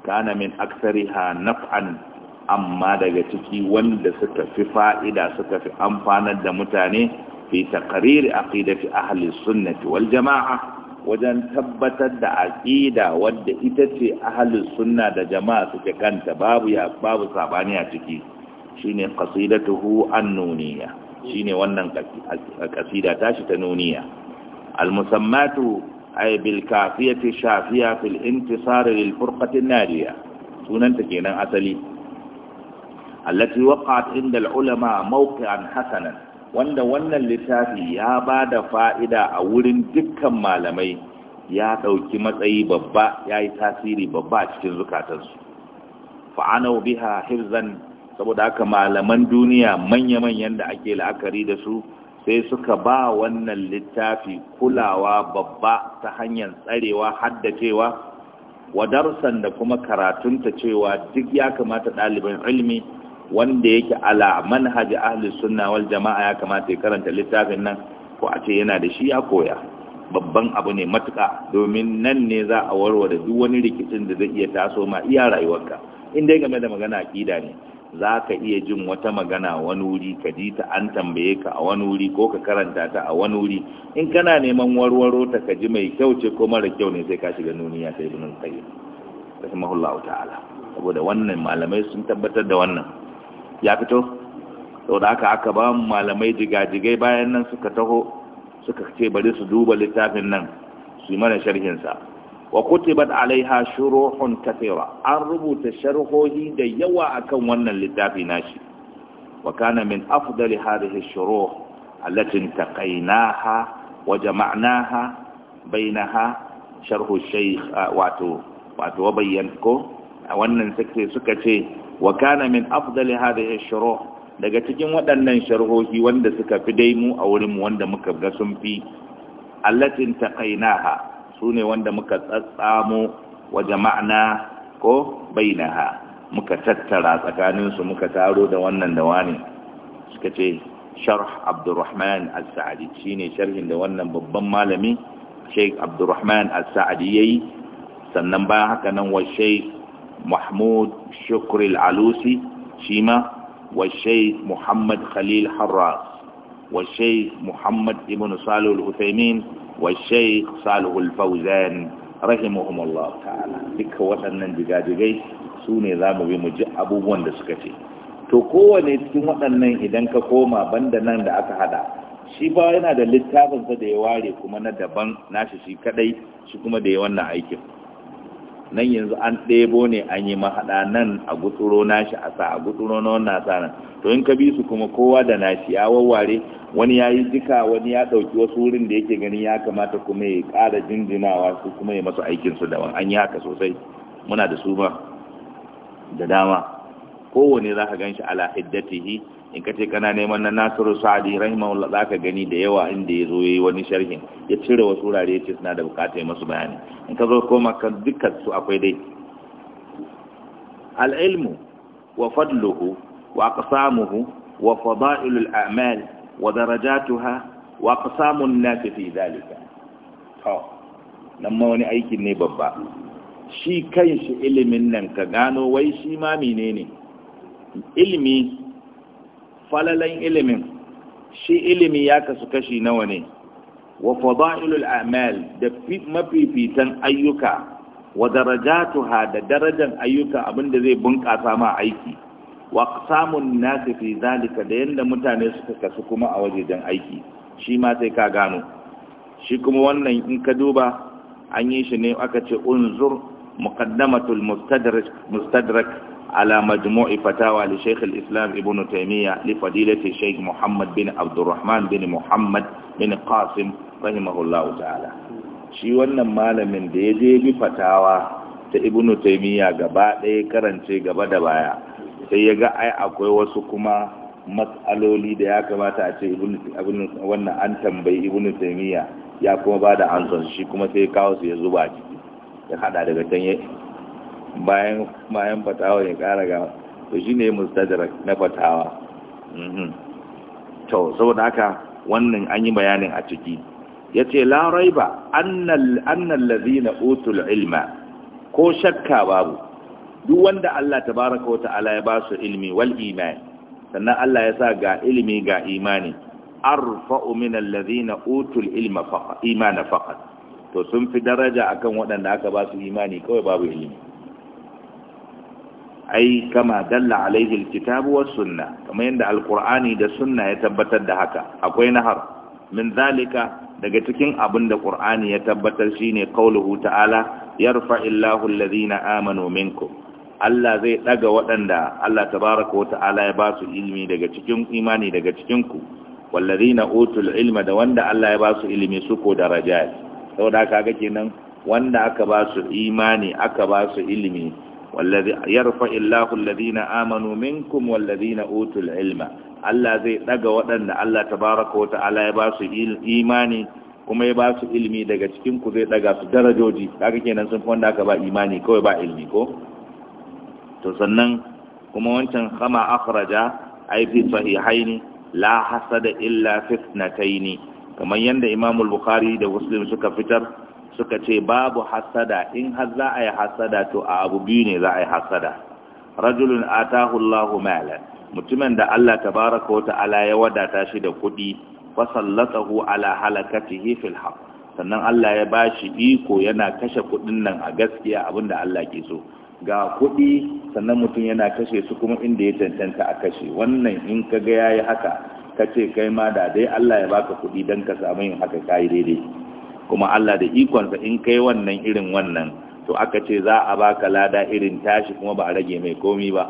kana min aktsariha naf'an amma daga ciki wanda suka fi fa'ida suka fi amfanar da mutane fi taqrir aqidati ahli sunnati wal jama'a wajen tabbatar da aƙida wadda ita ce ahalin sunna da jama'a suke kanta babu ya babu sabani a ciki shine qasidatuhu annuniya shine wannan kasida tashi ta nuniya al-musammatu ay bil shafiya fil intisar lil furqati nadiya sunanta kenan asali allati waqa'at inda al-ulama mawqi'an hasanan wanda wannan littafi ya bada fa'ida a wurin dukkan malamai ya ɗauki matsayi babba ya yi tasiri babba a cikin zukatansu fa'anau biha hirzan. saboda haka malaman duniya manya-manyan da ake la'akari da su sai suka ba wannan littafi kulawa babba ta hanyar tsarewa haddacewa wadarsan da kuma karatunta cewa duk ya kamata ɗaliban ilmi wanda yake ala manhaji ahli sunna wal jama'a ya kamata ya karanta littafin nan ko a ce yana da shi ya koya babban abu ne matuka domin nan ne za a warware duk wani rikicin da zai iya taso ma iya rayuwarka in dai game da magana aƙida ne za ka iya jin wata magana wani wuri ka ji ta an tambaye ka a wani wuri ko ka karanta ta a wani wuri in kana neman warwaro ta ka ji mai kyau ce ko mara kyau ne sai ka shiga nuniya sai ibn al-qayyim rahimahullahu ta'ala saboda wannan malamai sun tabbatar da wannan ya fito saboda haka aka ba malamai jigajigai bayan nan suka taho suka ce bari su duba littafin nan su yi mana sharhin sa wa kutibat alaiha shuruhun kathira an rubuta sharhohi da yawa akan wannan littafi nashi wa kana min afdali hadhihi shuruh allati taqainaha wa jama'naha bainaha sharhu shaykh wato wato bayyanko. ko wannan suke suka ce wa kana min afdali hadhihi shuruh daga cikin waɗannan sharhohi wanda suka fi daimu a wurin wanda muka ga sun fi allatin taqainaha su ne wanda muka tsatsamo wa jama'na ko bainaha muka tattara tsakaninsu muka taro da wannan da wani suka ce sharh abdurrahman al-sa'adi shine sharhin da wannan babban malami shai abdurrahman al-sa'adi yayi sannan bayan haka nan wa sheikh mahmud shukril al-alusi shima wa sheikh muhammad khalil harras wa sheikh muhammad ibn salih al والشيخ صالح الفوزان رحمهم الله تعالى دك waɗannan jigajigai su ne za mu bi mu ji abubuwan da suka ce to kowane cikin waɗannan idan ka koma banda nan da aka hada shi ba yana da littafinsa da ya ware kuma na daban nashi shi kadai shi kuma da ya wannan aikin nan yanzu an ɗebo ne an yi mahaɗa nan a gutsuro nashi a sa a gutsuro na wannan sa nan to in ka bi su kuma kowa da nashi ya wawware wani ya yi jika wani ya ɗauki wasu wurin da yake ganin ya kamata kuma ya ƙara jinjinawa su kuma ya masu aikin su daban an yi haka sosai muna da su ba da dama kowane za ka gan shi ala hiddatihi in ka ce kana neman na nasiru sa'adi rahimahullah za ka gani da yawa inda ya zo ya yi wani sharhin ya cire wasu wurare ya ce suna da bukata ya masu bayani in ka zo koma kan dukkan su akwai dai al'ilmu wa fadluhu wa aqsamuhu wa fada'ilul a'mal wa darajatuha wa aqsamun na fi dhalika to nan ma wani aikin ne babba shi kanshi ilimin nan ka gano wai shi ma menene ilimi falalan ilimin shi ilimi ya kasu kashi nawa ne wa fadailul a'mal da mafifitan ayyuka wa darajatuha da darajan ayyuka abinda zai bunƙasa ma aiki wa samun nasi fi zalika da yanda mutane suka kasu kuma a wajejen aiki shi ma sai ka gano shi kuma wannan in ka duba an yi shi ne aka ce unzur muqaddamatul mustadrak mustadrak على مجموع fatawa لشيخ الإسلام ابن تيمية لفضيلة الشيخ محمد بن عبد bin بن bin بن قاسم رحمه الله تعالى shi wannan malamin da ya je bi fatawa ta ibnu taimiyya gaba ɗaya karance gaba da baya sai ya ga ai akwai wasu kuma matsaloli da ya kamata a ce wannan an tambayi ibnu taimiyya ya kuma ba da ansan shi kuma sai kawo su ya zuba ciki ya hada daga can bayan bayan fatawa ya kara ga to shi ne mustadrak na fatawa mhm. to saboda haka wannan an yi bayanin a ciki Ya ce raiba annal annal ladina utul ilma ko shakka babu duk wanda Allah tabaaraka wa ta'ala ya ba su ilmi wal iman sannan Allah ya sa ga ilmi ga imani arfa'u min alladhina utul ilma faqat imana faqat to sun fi daraja akan waɗanda aka ba su imani kawai babu ilimi ai kama dalla alaihi alkitabu was sunna kamar yanda alqur'ani da sunna ya tabbatar da haka akwai nahar min zalika daga cikin abin da qur'ani ya tabbatar shine qauluhu ta'ala yarfa'illahu alladhina amanu minkum Allah zai daga waɗanda Allah tabaraka wa ta'ala ya ba su ilimi daga cikin imani daga cikin ku walladhina utul ilma da wanda Allah ya ba su ilimi suko daraja saboda kaga kenan wanda aka ba su imani aka ba su ilimi wallazi yarfa illahu alladhina amanu minkum walladina utul ilma Allah zai ɗaga waɗanda Allah tabaraka wa ta'ala ya ba su imani kuma ya ba su ilimi daga cikin ku zai daga su darajoji kaga kenan sun wanda aka ba imani kawai ba ilimi ko to sannan kuma wancan kama akhraja ai fi sahihaini la hasada illa fitnataini kamar yanda Imam al-Bukhari da Muslim suka fitar suka ce babu hasada in har za a yi hasada to a abu biyu ne za a yi hasada rajulun atahu Allahu malan mutumin da Allah tabaraka wata'ala ya wadata shi da kuɗi fa sallatahu ala halakatihi fil haq sannan Allah ya bashi iko yana kashe kuɗin nan a gaskiya abinda Allah ke so ga kuɗi sannan mutum yana kashe su kuma inda ya tantanta a kashe wannan in ka ga yayi haka kace kai ma da dai Allah ya baka kuɗi dan ka samu yin haka kai daidai kuma Allah da ikonsa in kai wannan irin wannan to aka ce za a baka lada irin tashi kuma ba rage mai komi ba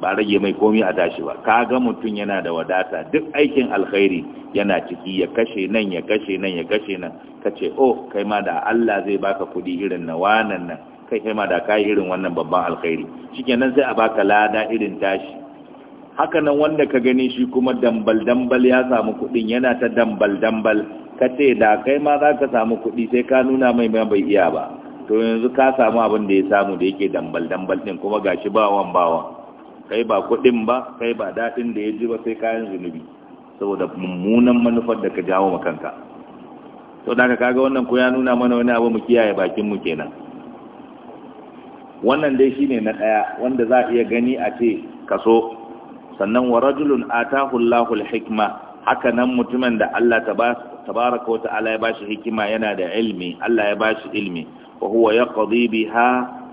ba rage mai komi a tashi ba kaga mutum yana da wadata duk aikin alkhairi yana ciki ya kashe nan ya kashe nan ya kashe nan kace oh kai ma da Allah zai baka kudi irin na wannan nan kai kai ma da kai irin wannan babban alkhairi shikenan sai a baka lada irin tashi Haka nan wanda ka gani shi kuma dambal-dambal ya samu kuɗin yana ta dambal-dambal ka ce da kai ma za ka samu kuɗi sai ka nuna mai bai iya ba to yanzu ka samu abin da ya samu da yake dambal-dambal ɗin kuma gashi bawan bawan kai ba kuɗin ba kai ba daɗin da ya ji ba sai kayan zunubi saboda mummunan manufar da ka jawo ma kanka to da kaga wannan ko ya nuna mana wani abu mu kiyaye bakin mu kenan wannan dai shine na ɗaya wanda za a iya gani a ce kaso sannan wa rajulun atahu Allahu al-hikma haka nan mutumin da Allah tabaraka wa ta'ala ya bashi hikima yana da ilmi Allah ya bashi ilmi wa huwa yaqdi biha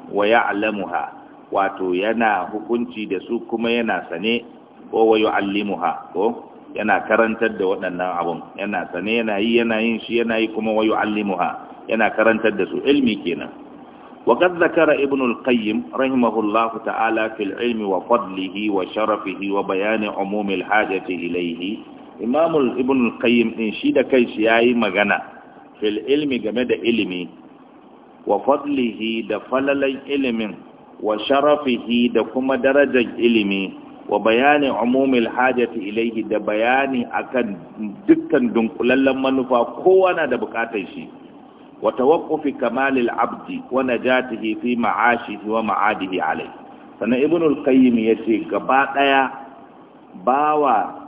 wa ya'lamuha wato yana hukunci da su kuma yana sane ko wa yu'allimuha ko yana karantar da waɗannan abun yana sane yana yi yana yin shi yana yi kuma wa yu'allimuha yana karantar da su ilmi kenan وقد ذكر ابن القيم رحمه الله تعالى في العلم وفضله وشرفه وبيان عموم الحاجة إليه إمام ابن القيم إن شيد كي شياي مغنى في العلم جمد علمي وفضله دفلل علم وشرفه دكما درجة علمي وبيان عموم الحاجة إليه دبيان أكن دكا دنقلل منفا قوانا دبكاتي شيء wa tawaqqufi kamalil abdi wa najatihi fi ma'ashihi wa ma'adihi alayh sannan ibnul qayyim yace gaba daya bawa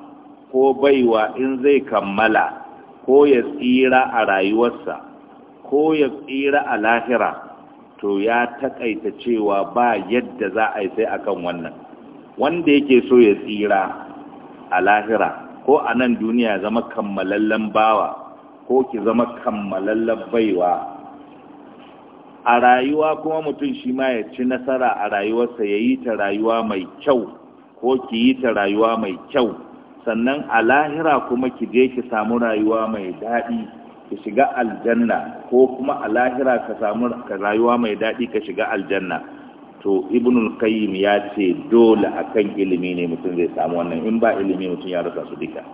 ko baiwa in zai kammala ko ya tsira a rayuwarsa ko ya tsira a lahira to ya takaita cewa ba yadda za a yi sai akan wannan wanda yake so ya tsira a lahira ko a nan duniya zama kammalallen bawa ko ki zama kammalallar baiwa a rayuwa kuma mutum shi ma ya ci nasara a rayuwarsa ya yi ta rayuwa mai kyau ko ki yi ta rayuwa mai kyau sannan a lahira kuma ki je ki samu rayuwa mai daɗi ki shiga aljanna ko kuma a lahira ka samu rayuwa mai daɗi ka shiga aljanna to ibnul qayyim ya ce dole akan ilimi ne mutum zai samu wannan in ba ilimi mutum ya rasa su duka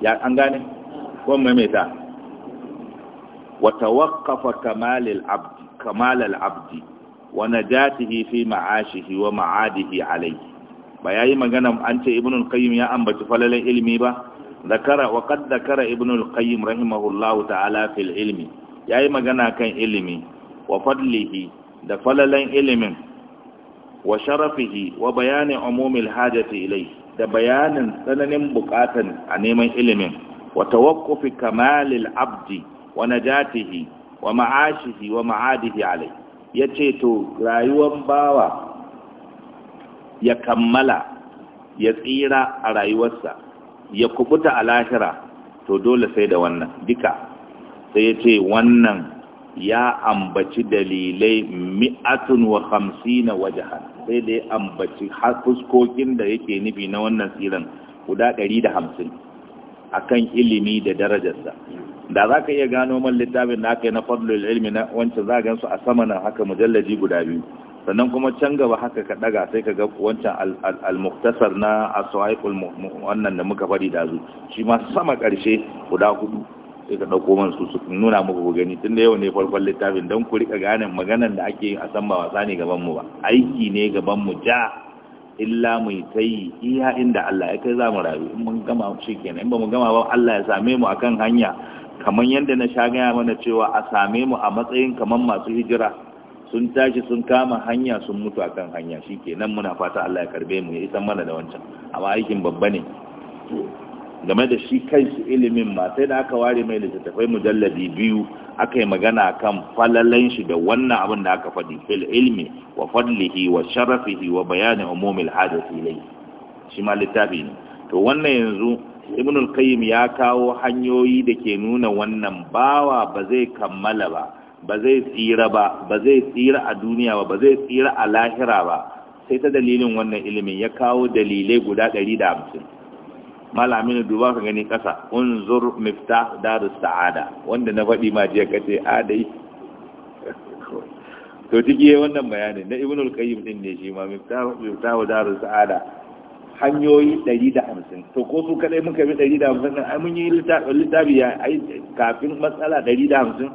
ya an gane kwan maimaita wata kamalal abdi wa najatihi fi ma'ashihi wa ma'adihi alayhi ba yayi magana an ce ibnul qayyim ya ambaci falalan ilimi ba zakara wa qad zakara ibnul qayyim rahimahullahu ta'ala fil ilmi yayi magana kan ilimi, wa fadlihi da falalan ilimin wa sharafihi wa bayani umumil hajati ilayhi da bayanin tsananin bukatan a neman ilimin wa tawaqqufi kamalil abdi wa najatihi wa ma'ashihi wa ma'adihi alai yace to rayuwar bawa ya kammala ya tsira a rayuwarsa ya kubuta a lahira to dole sai da wannan duka sai ya ce wannan ya ambaci dalilai mi'atun wa na wajahan sai da ya ambaci fuskokin da yake nufi na wannan tsiran guda ɗari da hamsin akan ilimi da darajarsa da za ka iya gano man littafin da aka yi na fadlul ilmi na wancan za gansu a sama nan haka mujallaji guda biyu sannan kuma can gaba haka ka daga sai ka ga wancan al-muktasar na aswaiful wannan da muka fadi da zu shi ma sama karshe guda hudu sai ka dauko man su su nuna muku ku gani tunda yau ne farkon littafin don ku rika gane maganan da ake a san ba wasa ne gaban mu ba aiki ne gaban mu ja illa muyi ta yi iya inda Allah ya kai za mu rayu in mun gama shi kenan in ba mu gama ba Allah ya same mu akan hanya kamar yadda na sha gaya mana cewa a same mu a matsayin kamar masu hijira sun tashi sun kama hanya sun mutu akan hanya shi kenan muna fata Allah ya karbe mu ya isa mana da wancan amma aikin babba ne game da shi kanshi ilimin ma sai da aka ware mai littattafai mujalladi biyu aka yi magana kan falalan shi da wannan abin da aka faɗi fil ilmi wa fadlihi wa sharafihi wa bayani umumil hadisi ilai shi ma littafi ne to wannan yanzu ibnul qayyim ya kawo hanyoyi da ke nuna wannan bawa ba zai kammala ba ba zai tsira ba ba zai tsira a duniya ba ba zai tsira a lahira ba sai ta dalilin wannan ilimin ya kawo dalilai guda ɗari da hamsin. malamin duba ka gani kasa unzur miftah darus sa'ada wanda na faɗi ma jiya kace adai to tiki wannan bayanin na al qayyim din ne shi ma miftah miftah darus sa'ada hanyoyi 150 to ko su kadai muka bi 150 din ai mun yi littafi ya ai kafin matsala 150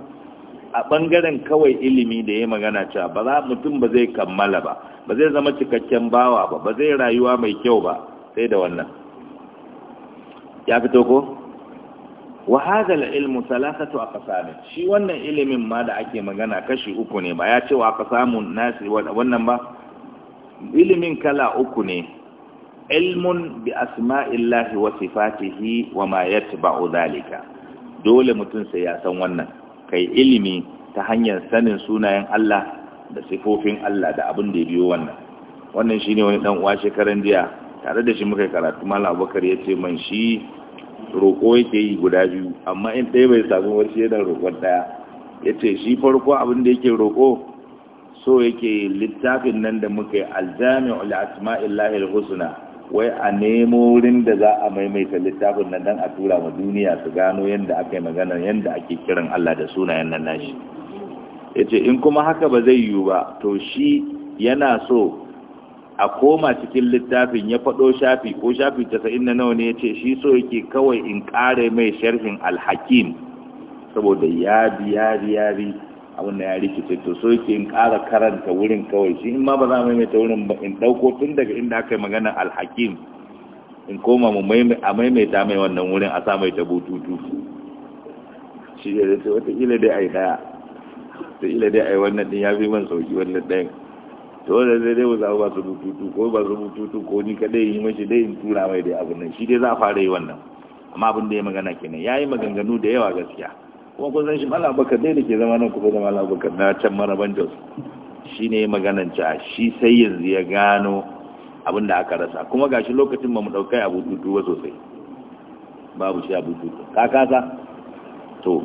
a bangaren kawai ilimi da ya magana cewa ba za mutum ba zai kammala ba ba zai zama cikakken bawa ba ba zai rayuwa mai kyau ba sai da wannan ya fito ko wa hadha al-ilmu thalathatu aqsam shi wannan ilimin ma da ake magana kashi uku ne ba ya ce wa aqsamun nasi wannan ba ilimin kala uku ne ilmun bi asma'illahi wa sifatihi wa ma yatba'u dhalika dole mutum sai ya san wannan kai ilimi ta hanyar sanin sunayen Allah da sifofin Allah da abin da ya biyo wannan wannan shine wani dan uwa shekaran jiya tare da shi muka karatu mala abubakar ya ce man shi roƙo yake yi guda biyu amma in ɗaya bai sami wasu yana roƙon ɗaya ya ce shi farko abin da yake roƙo so yake littafin nan da muka yi ala asma'illahi al-husna wai a nemo wurin da za a maimaita littafin nan dan a tura ma duniya su gano yadda aka yi magana yadda ake kiran Allah da sunayen nan nashi Ya ce in kuma haka ba zai yiwu ba to shi yana so a koma cikin littafin ya faɗo shafi ko shafi casa'in na nawa ne ya ce shi so yake kawai in ƙare mai sharhin alhakim saboda yari yari yari abin da ya rikice to so yake in ƙara karanta wurin kawai shi in ma ba za mu maimaita wurin ba in ɗauko tun daga inda aka yi magana alhakim in koma mu a maimaita mai wannan wurin a sa mai ta bututu shi da wata dai a yi ɗaya wataƙila dai a yi wannan ɗin ya fi man sauki wannan ɗayan dole zai dai wasu ba su bututu ko ba su bututu ko ni kadai yi mashi dai in tura mai dai abin nan shi dai za a fara yi wannan amma abin da ya magana kenan ya yi maganganu da yawa gaskiya kuma kun san shi mala bakar dai da ke zama nan kuma da malam bakar na can maraban jos shi ne maganan ca shi sai yanzu ya gano abin da aka rasa kuma gashi lokacin ba mu ɗaukai abu bututu ba sosai babu shi abu bututu ka kasa to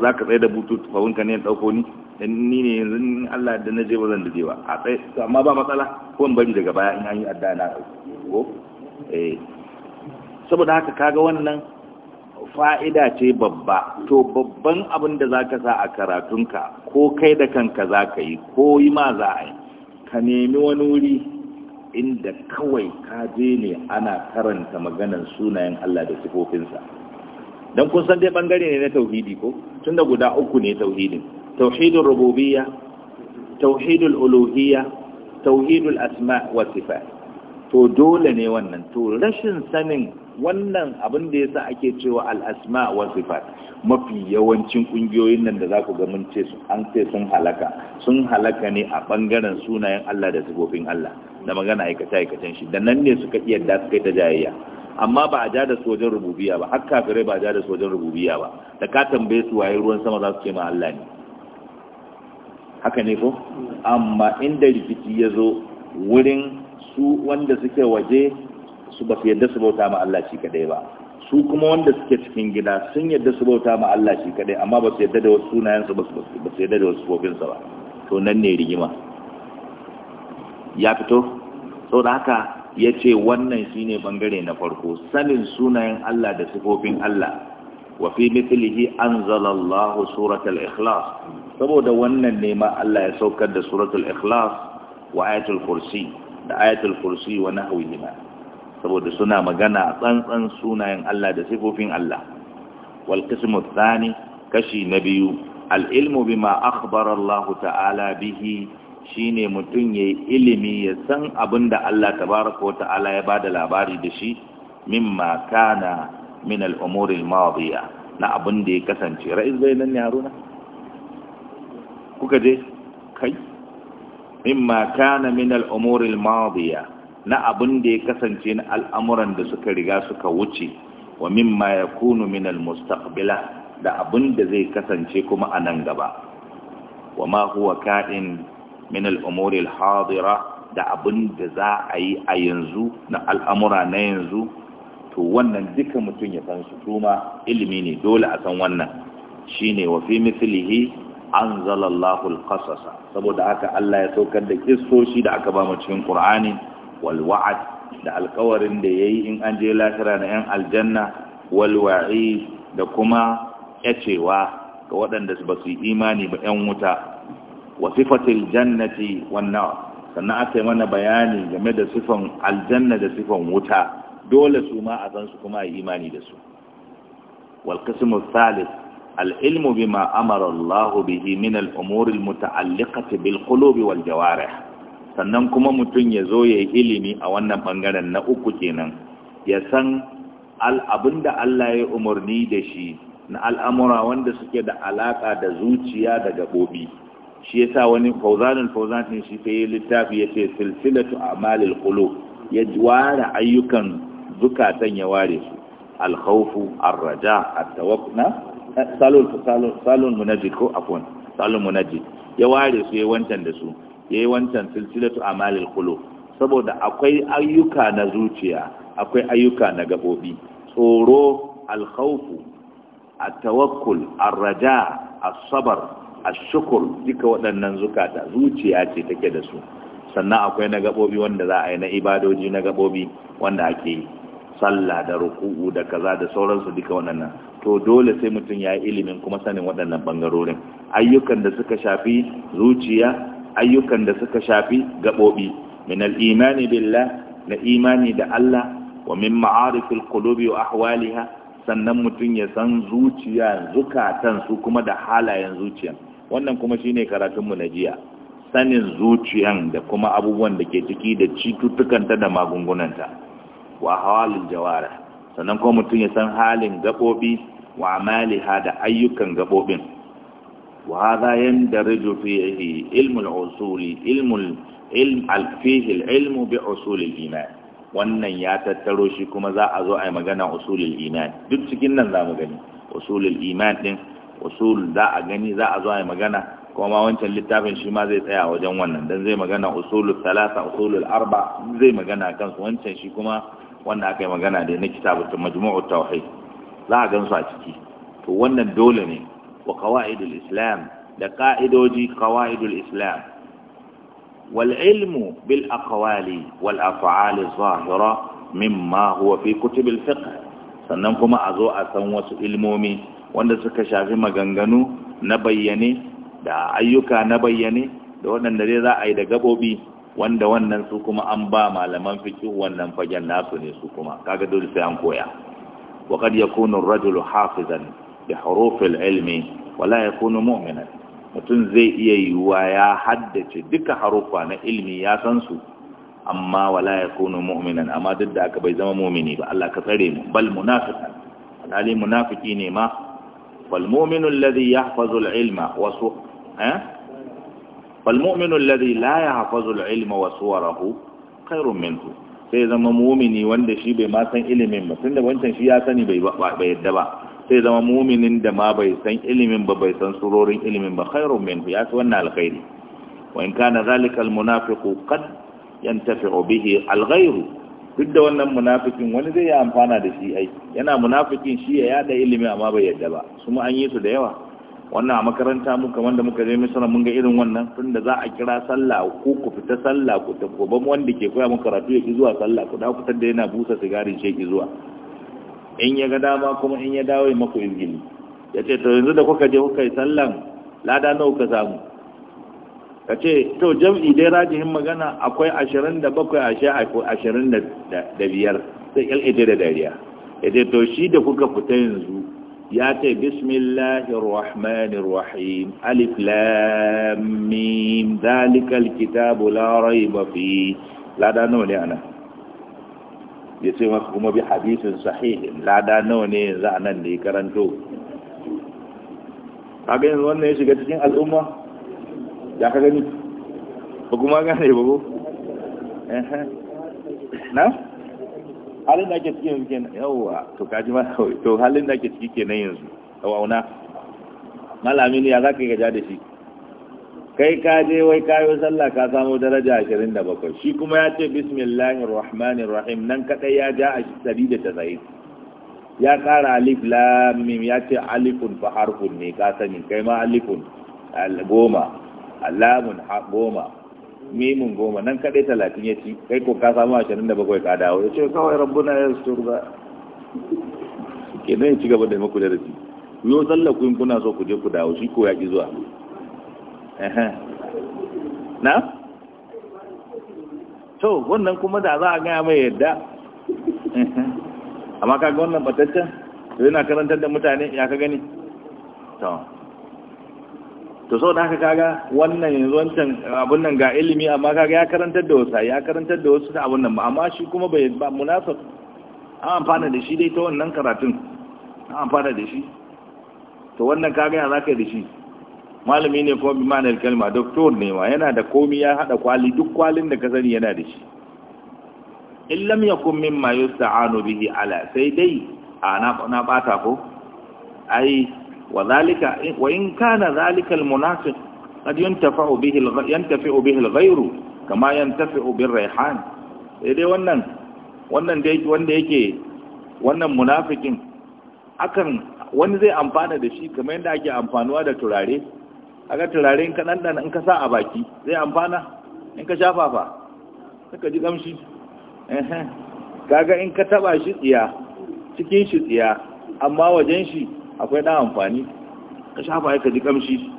za ka tsaye da bututu fahimta ne ɗauko ni ni ne yanzu in Allah da na je ba zan da ba a tsaye amma ba matsala ko in bari daga baya in an yi adda ko eh saboda haka kaga wannan fa'ida ce babba to babban abin da zaka sa a karatunka ko kai da kanka zaka yi ko yi ma za a yi ka nemi wani wuri inda kawai ka je ne ana karanta maganar sunayen Allah da sifofinsa don kun san dai bangare ne na tauhidi ko tunda guda uku ne tauhidin توحيد الربوبية tauhidul الألوهية توحيد asma wa to dole ne wannan to rashin sanin wannan abin da yasa ake cewa al-asma wa sifat mafi yawancin kungiyoyin nan da za ku ga mun ce su an ce sun halaka sun halaka ne a bangaren sunayen Allah da sifofin Allah da magana aikata aikatan shi da nan ne suka iya da suka ta jayayya amma ba a ja da sojan rububiya ba har kafirai ba a ja da sojan rububiya ba da ka tambaye su waye ruwan sama za su ce ma Allah ne haka ne ko amma inda rikici ya zo wurin su wanda suke waje su ba su yadda su bauta ma Allah shi kadai ba su kuma wanda suke cikin gida sun yadda su bauta ma Allah shi kadai amma ba su yadda da wasu su ba su yadda da wasu kofinsa ba to nan ne rigima ya fito sau da haka ya ce wannan shine bangare na farko sanin sunayen Allah da sifofin Allah wa fi mithlihi anzala suratul ikhlas saboda wannan ne ma Allah ya saukar da suratul ikhlas wa ayatul kursi da ayatul kursi wa nahwihima saboda suna magana tsantsan sunayen Allah da sifofin Allah wal qismu thani kashi na biyu al ilmu bima akhbara Allah ta'ala bihi shine mutum ya yi ilimi ya san abin da Allah tabaraka ta'ala ya bada labari da shi mimma kana min al'umuri madiya na abin da ya kasance ra'is bai nan yaro na kuka je kai mimma kana min al'umuri madiya na abin da ya kasance na al'amuran da suka riga suka wuce wa mimma ya kunu min al da abin da zai kasance kuma a nan gaba wa ma huwa ka'in min al hadira da abin da za a yi a yanzu na al'amura na yanzu to wannan duka mutum ya san su ilimi ne dole a san wannan shine wa fi mithlihi anzalallahu alqasasa saboda haka Allah ya saukar da kissoshi da aka ba mu cikin Qur'ani wal wa'd da alƙawarin da yayi in an je lahira na yan aljanna wal da kuma yacewa ga waɗanda ba su yi imani ba yan wuta wa sifatil jannati wan nar sannan aka yi mana bayani game da sifan aljanna da sifan wuta dole su ma a san su kuma a yi imani da su Walƙasimu qismu al'ilmu al ilmu bima amara Allah bihi min al umur al wal sannan kuma mutum ya zo ya yi ilimi a wannan bangaren na uku kenan ya san abin da Allah ya umarni da shi na al'amura wanda suke da alaƙa da zuciya da gabobi shi sa wani fawzanul fawzan shi yi littafi yace silsilatu a'malil qulub ya ware ayyukan zukatan ya ware su alkhawfu arraja at salul salul salul ko afwan salul munajjid ya ware su yayi wancan da su yayi wancan silsilatu amalil qulub saboda akwai ayyuka na zuciya akwai ayyuka na gabobi tsoro alkhawfu at-tawakkul arraja as-sabr ash-shukr duka waɗannan zukata zuciya ce take da su sannan akwai na gabobi wanda za a yi na ibadoji na gabobi wanda ake yi sallah da ruku'u da kaza da sauransu duka waɗannan to dole sai mutum ya yi ilimin kuma sanin waɗannan bangarorin ayyukan da suka shafi zuciya ayyukan da suka shafi gaɓoɓi min al'imani imani billah na imani da Allah wa min ma'arifil qulubi wa ahwaliha sannan mutum ya san zuciya zukatan su kuma da halayen zuciya wannan kuma shine karatun mu na jiya sanin zuciyan da kuma abubuwan da ke ciki da cututtukanta da magungunanta wa hawalin jawara sannan kuma mutum ya san halin gaɓoɓi wa amaliha da ayyukan gaɓoɓin wa hadha yandaraju fihi ilmul usuli ilmul ilm alfihi ilmu bi usulil iman wannan ya tattaro shi kuma za a zo a yi magana usulil iman duk cikin nan za mu gani usulil iman din usul za a gani za a zo a yi magana kuma wancan littafin shi ma zai tsaya wajen wannan don zai magana usulul talata usulul arba zai magana kansu wancan shi kuma wanda aka yi magana da na kitabatul majmu'ut tauhid za a gansu a ciki to wannan dole ne wa qawaidul islam da ka'idoji qawaidul islam wal ilmu bil aqwali wal af'al zahira mimma huwa fi kutubil fiqh sannan kuma a zo a san wasu ilmomi wanda suka shafi maganganu na bayyane da ayyuka na bayyane da waɗanda dai za a yi da gabobi wanda wannan su kuma an ba malaman fiqh wannan fagen nasu ne su kuma kaga dole sai an koya wa qad yakunu ar-rajulu hafizan bi huruf ilmi wa la yakunu mu'minan mutum zai iya yiwuwa ya haddace duka harufa na ilmi ya san su amma wala yakunu mu'minan amma duk da aka bai zama mu'mini ba Allah ka tsare mu bal munafiqan alhali munafiki ne ma fal mu'minu alladhi yahfazu al-ilma wa su eh falmominu lalzi laya hafazul ilma wasu suwarahu sai zama mumini wanda shi bai ma san ilimin ba tunda wancan shi ya sani bai yadda ba sai zama muminin da ma bai san ilimin ba bai san surorin ilimin ba khairun minhu ya ci wannan alkhairi wa in kana zalika almunafiqu qad yantafi'u bihi alghayru duk da wannan munafikin wani zai yi amfana da shi ai yana munafikin shi ya yada ilimi amma bai yadda ba kuma an yi su da yawa wannan a makaranta muka wanda muka je misalan mun ga irin wannan tun da za a kira sallah ko ku fita sallah ku ta koban wanda ke koya muka karatu ya ki zuwa sallah ku dawo fitar da yana busa sigarin shi ki zuwa in ya ga dama kuma in ya dawo ya maku izgili ya ce to yanzu da kuka je kuka yi sallan lada nawa ka samu ka ce to jam'i dai rajihin magana akwai ashirin da bakwai ashe ashirin da biyar sai ƙyalƙyace da dariya ya ce to shi da kuka fita yanzu ya ce bismillahir rahmanir rahim alif lam mim zalikal kitabu la raiba fi lada ne ya ce kuma bi hadisin sahihin lada nawa ne yanzu a nan da karanto kaga yanzu wannan ya shiga cikin al'umma ka gani ba kuma gane ba ko na halin da ake ciki yanzu kenan yawwa to kaji ma to halin da ake ciki kenan yanzu wauna malami ne ya za ka gaja da shi kai ka je wai yi sallah ka samu daraja 27 shi kuma ya ce bismillahir rahmanir rahim nan kadai ya ja a shi da 190 ya kara alif lamim ya ce alifun fa harfun ne ka sani kai ma alifun al goma alamun goma mimin goma nan kaɗai talatin ya ci kai ko ka samu ashirin da bakwai ka dawo ya ce kawai rabbuna ya su turba ke nan ya ci gaba da maku da rafi ku yi tsalla kuna so ku je ku dawo shi ko ya ki zuwa na to wannan kuma da za a gaya mai yadda amma kaga wannan bataccen yana karantar da mutane ya ka gani to to sau da haka kaga wannan yanzu wancan abun nan ga ilimi amma kaga ya karantar da wasu ya karantar da wasu da abun nan amma shi kuma bai ba munasab an amfana da shi dai ta wannan karatun an amfana da shi to wannan kaga ya zaka da shi malami ne kuma bi ma'anar kalma doctor ne ma yana da komi ya hada kwali duk kwalin da ka sani yana da shi in lam yakun mimma yusta'anu bihi ala sai dai a na bata ko ai wa zalika wa in kana zalika almunafiq qad yuntafa'u bihi yantafi'u bihi alghayru kama yantafi'u birrayhan wannan wannan da wanda yake wannan munafikin akan wani zai amfana da shi kamar yadda ake amfanuwa da turare aga turare in ka nan, in ka sa a baki zai amfana in ka shafa fa ka ji kamshi kaga in ka taba shi tsiya cikin shi tsiya amma wajen shi akwai ɗan amfani ka shafa ya ka ji kamshi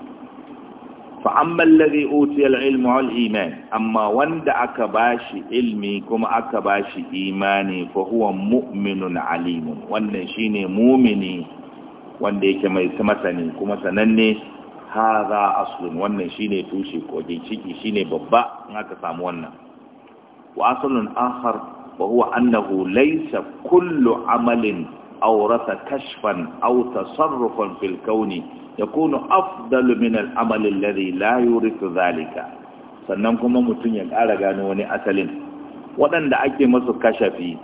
fa'amman lare otiyar ilmu al iman amma wanda aka bashi ilmi kuma aka bashi imani fa huwa mu'minun alimun wannan ne mumini wanda yake mai masani kuma sananne haza aslun wannan ne tushe ko ciki shine babba in aka samu wannan wa aslun akhar wa huwa annahu laysa kullu amalin aurata kashfan auta tasarrufan filkauni kauni yakunu afdalu min al amali alladhi la yurithu zalika sannan kuma mutum ya ƙara gano wani asalin waɗanda ake masu kashafi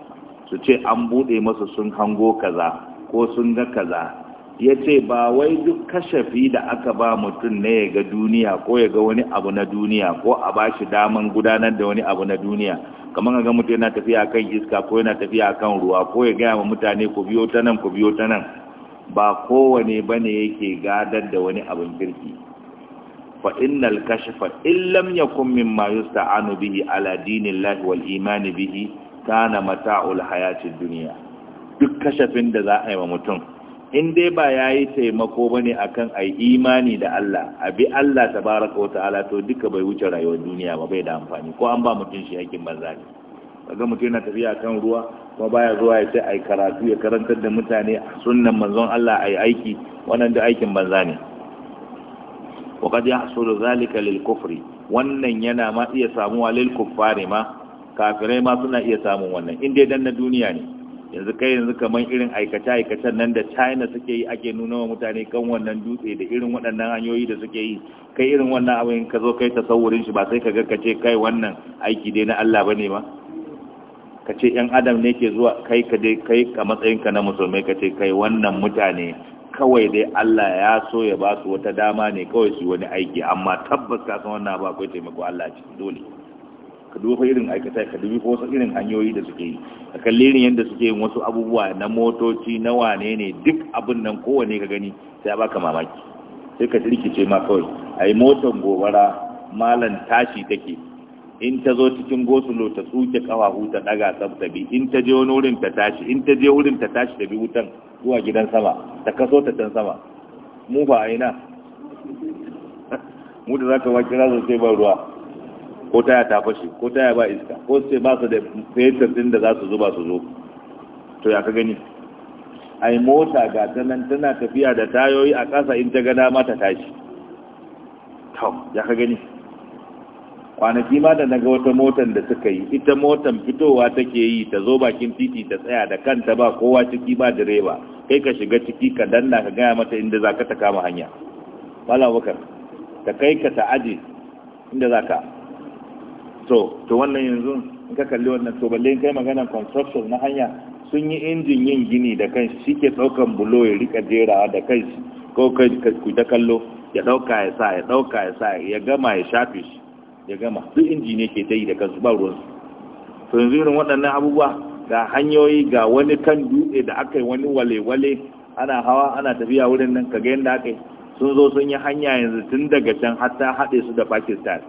su ce an buɗe masu sun hango kaza ko sun ga kaza ya ce ba wai duk kashafi da aka ba mutum ne ya ga duniya ko ya ga wani abu na duniya ko a ba shi daman gudanar da wani abu na duniya kamar ga mutum yana tafiya kan iska ko yana tafiya kan ruwa ko ya gaya wa mutane ku biyo ta nan ku biyo ta nan ba kowane ba ne yake gadar da wani abin kirki fa innal kashfa illam yakun mimma yusta'anu bihi ala dinillahi wal iman bihi kana mata'ul hayatid dunya duk kashafin da za a yi wa mutum in dai ba ya yi taimako ba ne akan a yi imani da Allah a bi Allah ta baraka wata ala to duka bai wuce rayuwar duniya ba bai da amfani ko an ba mutum shi aikin banza ne daga mutum yana tafiya kan ruwa kuma baya zuwa ya ce yi karatu ya karantar da mutane a sunan manzon Allah ai aiki wannan da aikin banza ne wa qad zalika lil wannan yana ma iya samuwa lil kuffari ma kafirai ma suna iya samun wannan in dai dan na duniya ne yanzu kai yanzu kamar irin aikace-aikacen nan da china suke yi ake nuna wa mutane kan wannan dutse da irin waɗannan hanyoyi da suke yi kai irin wannan abin ka zo kai tasawurin shi ba sai ka ga ce kai wannan aiki dai na Allah bane ba ka ce yan adam ne ke zuwa kai ka dai kai a matsayinka na musulmai ka ce kai wannan mutane kawai dai Allah ya so ya ba su wata dama ne kawai su wani aiki amma tabbas ka san wannan ba akwai taimako Allah ci dole ka duba irin aikata ka dubi wasu irin hanyoyi da suke yi ka kalli irin yadda suke yin wasu abubuwa na motoci na wane ne duk abin nan kowane ka gani sai baka mamaki sai ka rikice ma kawai a yi motar gobara malan tashi take in ta zo cikin gosulo ta tsuke kawahu ta daga tsabtabi in ta je wani wurin ta tashi in ta je wurin ta tashi bi wutan zuwa gidan sama ta kaso ta can sama mu ba aina mu da zaka wa kira sai ban ruwa ko taya ta fashe ko taya ba iska ko sai ba su da fetur din da za su zuba su zo to ya ka gani ai mota ga ta nan tana tafiya da tayoyi a ƙasa in ta gada mata tashi to ya ka gani kwanaki ma da naga wata motan da suka yi ita motan fitowa take yi ta zo bakin titi ta tsaya da kanta ba kowa ciki ba direba kai ka shiga ciki ka danna ka gaya mata inda za ka ta kama hanya wala Bakar, ka kai ka ta aji inda za ka to to wannan yanzu in ka kalli wannan to balle kai magana construction na hanya sun yi injin yin gini da kanshi shi ke daukan bulo ya rika jerawa da kanshi ko kai ku da kallo ya ɗauka ya sa ya ɗauka ya sa ya gama ya shafe shi ya gama duk inji ne ke ta yi da su ba su to yanzu irin waɗannan abubuwa ga hanyoyi ga wani kan dutse da aka yi wani wale-wale ana hawa ana tafiya wurin nan kaga yadda aka yi sun zo sun yi hanya yanzu tun daga can hatta haɗe su da pakistan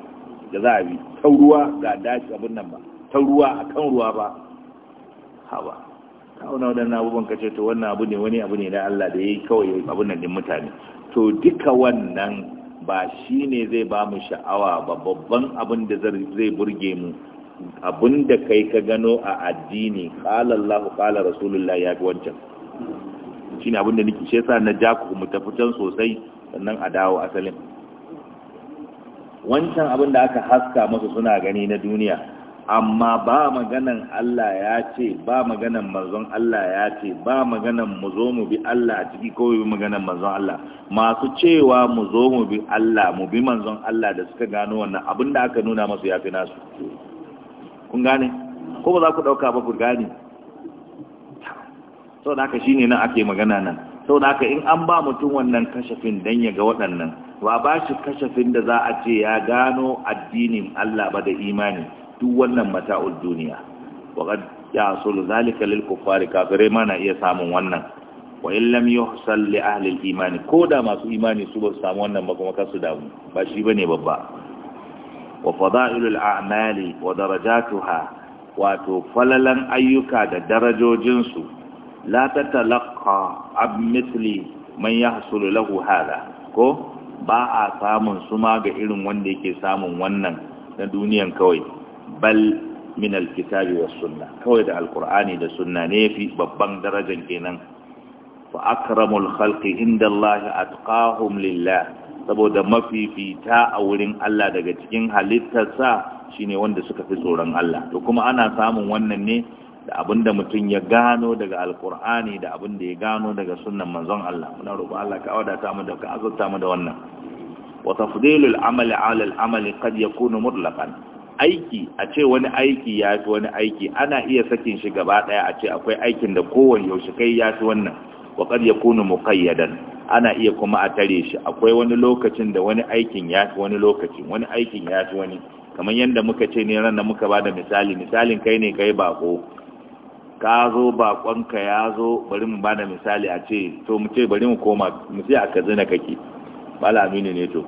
da za a bi tauruwa ga dashi abin nan ba tauruwa a kan ruwa ba hawa kawo na waɗannan abubuwan kace to wannan abu ne wani abu ne na Allah da ya yi kawai abin nan din mutane to duka wannan ba shi ne zai ba mu sha'awa ba babban abin da zai burge mu abin da kai ka gano a addini qala Allah qala rasulullah ya fi wancan shine abin da nake shi yasa na ja ku mu tafi can sosai sannan a dawo asalin wancan abin da aka haska masu suna gani na duniya amma ba maganan Allah ya ce ba maganan manzon Allah ya ce ba maganan mu zo mu bi Allah a ciki ko bi maganan manzon Allah masu cewa mu zo mu bi Allah mu bi manzon Allah da suka gano wannan abin da aka nuna masu fi nasu kun gane ko ba za ku dauka ba ku gane sau da haka shine nan ake magana nan sau da haka in an ba mutum wannan kashafin dan ya ga waɗannan ba ba shi kashafin da za a ce ya gano addinin Allah ba da imani duk wannan mata'ul duniya wa qad yahsul zalika lil kuffari kafirai ma na iya samun wannan wa in lam yuhsal li ahli al imani ko da masu imani su ba su samu wannan ba kuma kasu damu ba shi bane babba wa fada'ilul a'mali wa darajatuha wato falalan ayyuka da darajojinsu la ta ab misli man ya lahu hada ko ba a samun su ma ga irin wanda yake samun wannan na duniyan kawai bal min alkitabi was sunna kawai da alqur'ani da sunna ne fi babban darajar kenan fa akramul khalqi inda Allah atqahum lillah saboda mafifita a wurin Allah daga cikin halittarsa shine wanda suka fi tsoron Allah to kuma ana samun wannan ne da da mutum ya gano daga alkur'ani da abinda ya gano daga sunan manzon Allah muna roƙo Allah ka wadata mu da ka azurta mu da wannan wa tafdilul amali ala al amali qad yakunu mutlaqan aiki a ce wani aiki ya fi wani aiki ana iya sakin shi gaba daya a ce akwai aikin da kowanne yaushe kai ya fi wannan wa qad yakunu muqayyadan ana iya kuma a tare shi akwai wani lokacin da wani aikin ya fi wani lokacin wani aikin ya fi wani kamar yadda muka ce ne ran da muka bada misali misalin kai ne kai bako ka zo bakonka ya zo bari mu bada misali a ce to mu ce bari mu koma mu sai a katsina kake mala aminu ne to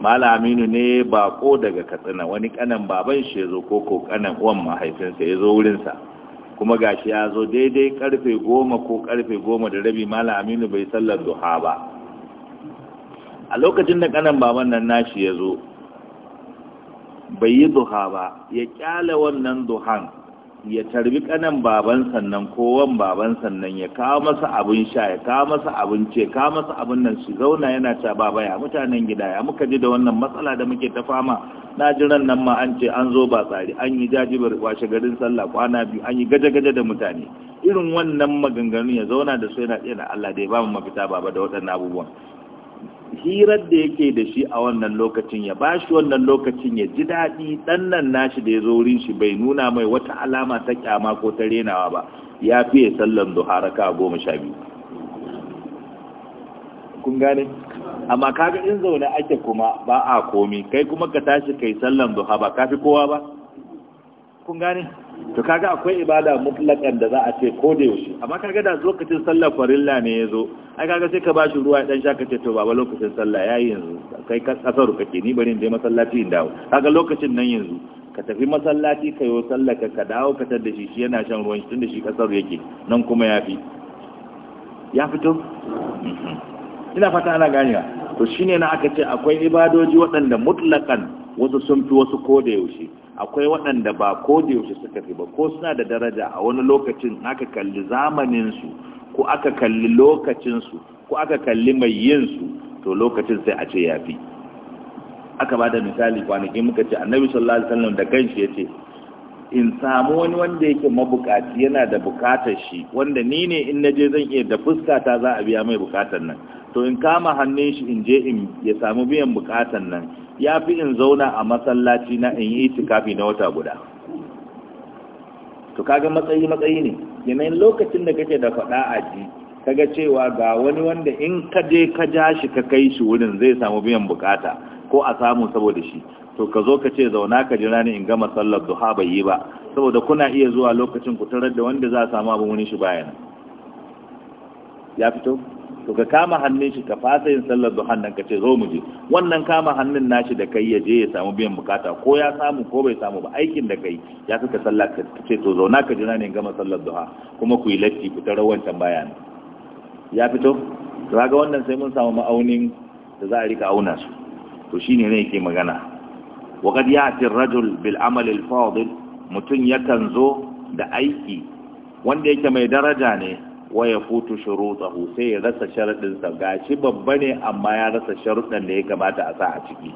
mala aminu ne bako daga katsina wani kanan baban shi zo ko ko kanan uwan mahaifinsa ya zo wurinsa kuma gashi ya zo daidai karfe goma ko karfe goma da rabi mala aminu bai sallar duha ba a lokacin da kanan baban nan nashi ya zo bai yi duha ba ya kyale wannan duhan ya tarbi kanan baban sannan kowan baban sannan ya kawo masa abin sha ya kawo masa abin ce ka masa abin nan su zauna yana ta baba ya mutanen gida ya muka ji da wannan matsala da muke ta fama na jiran nan ma an ce an zo ba tsari an yi jajibar washe garin sallah kwana biyu an yi gaje-gaje da mutane irin wannan maganganu ya zauna da su yana tsaye da Allah da ya ba mu mafita baba da waɗannan abubuwan hirar da yake da shi a wannan lokacin ya bashi wannan lokacin ya ji daɗi ɗannan nashi da ya zo wurin shi bai nuna mai wata alama ta kyama ko ta renawa ba ya fiye sallan raka goma sha biyu kun gane amma kaga in zaune ake kuma ba a komi kai kuma ka tashi kai sallan duha ba kafi kowa ba kun gane to kaga akwai ibada mutlakan da za a ce ko da yaushe amma kaga da lokacin sallar farilla ne ya zo ai kaga sai ka bashi ruwa dan sha kace to baba lokacin sallah yayi yanzu kai kasaru kake ni bari in je masallaci in dawo kaga lokacin nan yanzu ka tafi masallaci ka yi sallah ka ka dawo ka tar da shi shi yana shan ruwan shi tunda shi kasaru yake nan kuma fi ya fito mhm. ina fata ana ganewa to shine na aka ce akwai ibadoji waɗanda mutlakan wasu sun fi wasu ko da yaushe akwai waɗanda ba ko da yaushe suka fi ba ko suna da daraja a wani lokacin aka kalli zamaninsu ko aka kalli lokacinsu ko aka kalli mai yinsu to lokacin sai a ce ya fi aka ba da misali kwanaki muka ce annabi sallallahu alaihi wasallam da kanshi ya ce in samu wani wanda yake mabukaci yana da bukatar shi wanda ni ne in naje zan iya da fuskata za a biya mai bukatar nan to in kama hannun shi in je in ya samu biyan bukatar nan ya fi in zauna a masallaci na in yi itikafi na wata guda to kaga matsayi matsayi ne yanayin lokacin da kake da faɗa a ji kaga cewa ga wani wanda in ka je ka ja shi ka kai shi wurin zai samu biyan bukata ko a samu saboda shi to ka zo ka ce zauna ka jira ni in gama sallar duha bai yi ba saboda kuna iya zuwa lokacin ku tarar da wanda za a samu abin wani shi bayan ya fito to ka kama hannun shi ka fasa yin sallar duhan nan ka ce zo mu je wannan kama hannun nashi da kai ya je ya samu biyan bukata ko ya samu ko bai samu ba aikin da kai ya suka sallah ka ce to zauna ka jira ne gama sallar duha kuma ku yi latti ku ta wancan bayan ya fito to ga wannan sai mun samu ma'aunin da za a rika auna su to shine ne yake magana wa qad ya'ti ar-rajul bil amal al-fadil mutun yakan zo da aiki wanda yake mai daraja ne waya futu shurutahu sai ya rasa Ga gashi babba ne amma ya rasa sharuɗan da ya kamata a sa a ciki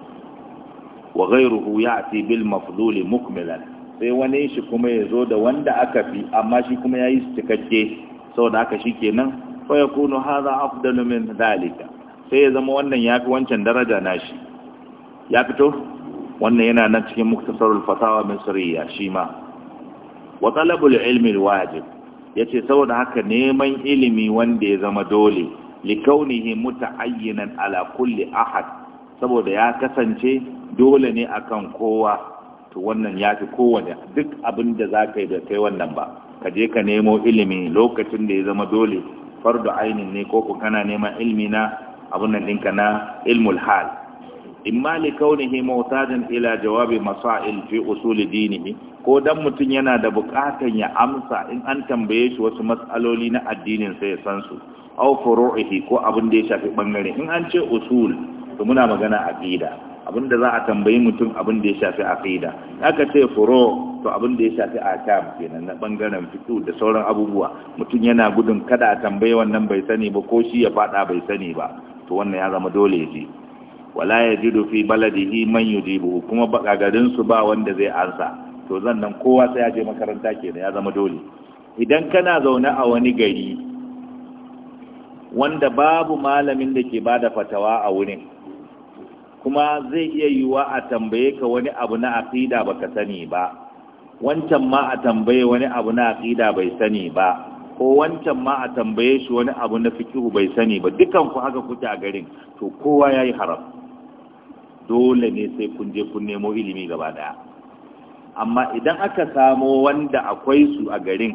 wa ghayruhu ya'ti bil mafduli mukmilan sai wani shi kuma ya zo da wanda aka fi amma shi kuma yayi cikakke saboda haka shikenan fa yakunu hadha afdalu min dhalika sai ya zama wannan yafi wancan daraja nashi ya fito wannan yana nan cikin muktasarul fatawa misriya shi ma wa talabul ilmi wajib ya ce saboda haka neman ilimi wanda ya zama dole likaunihi muta'ayyinan ala kulli ahad saboda ya kasance dole ne akan kowa to wannan ya fi kowane duk abin da zaka yi da kai wannan ba ka je ka nemo ilimi lokacin da ya zama dole fardu ainin ne ko kana neman ilimi na abun nan ɗinka na ilmul hal imma li kaunihi mawtadan ila jawabi masail fi usul dinihi ko dan mutun yana da bukatan ya amsa in an tambaye shi wasu mas'aloli na addinin sa ya san su aw furu'ihi ko abin da ya shafi bangare in an ce usul to muna magana aqida abin da za a tambayi mutum abin da ya shafi aqida aka ce furu to abin da ya shafi akam kenan na bangaren fitu da sauran abubuwa mutum yana gudun kada a tambaye wannan bai sani ba ko shi ya fada bai sani ba to wannan ya zama dole ya je wala ya yajidu fi baladihi man yujibu kuma ba garin su ba wanda zai ansa to zan nan kowa sai ya je makaranta kenan ya zama dole idan kana zaune a wani gari wanda babu malamin da ke ba da fatawa a wurin kuma zai iya yiwuwa a tambaye ka wani abu na aqida baka sani ba wancan ma a tambaye wani abu na aqida bai sani ba ko wancan ma a tambaye shi wani abu na fikihu bai sani ba dukan ku haka kuke a garin to kowa yayi haram dole ne sai kun je kun nemo ilimi gaba daya amma idan aka samo wanda akwai su a garin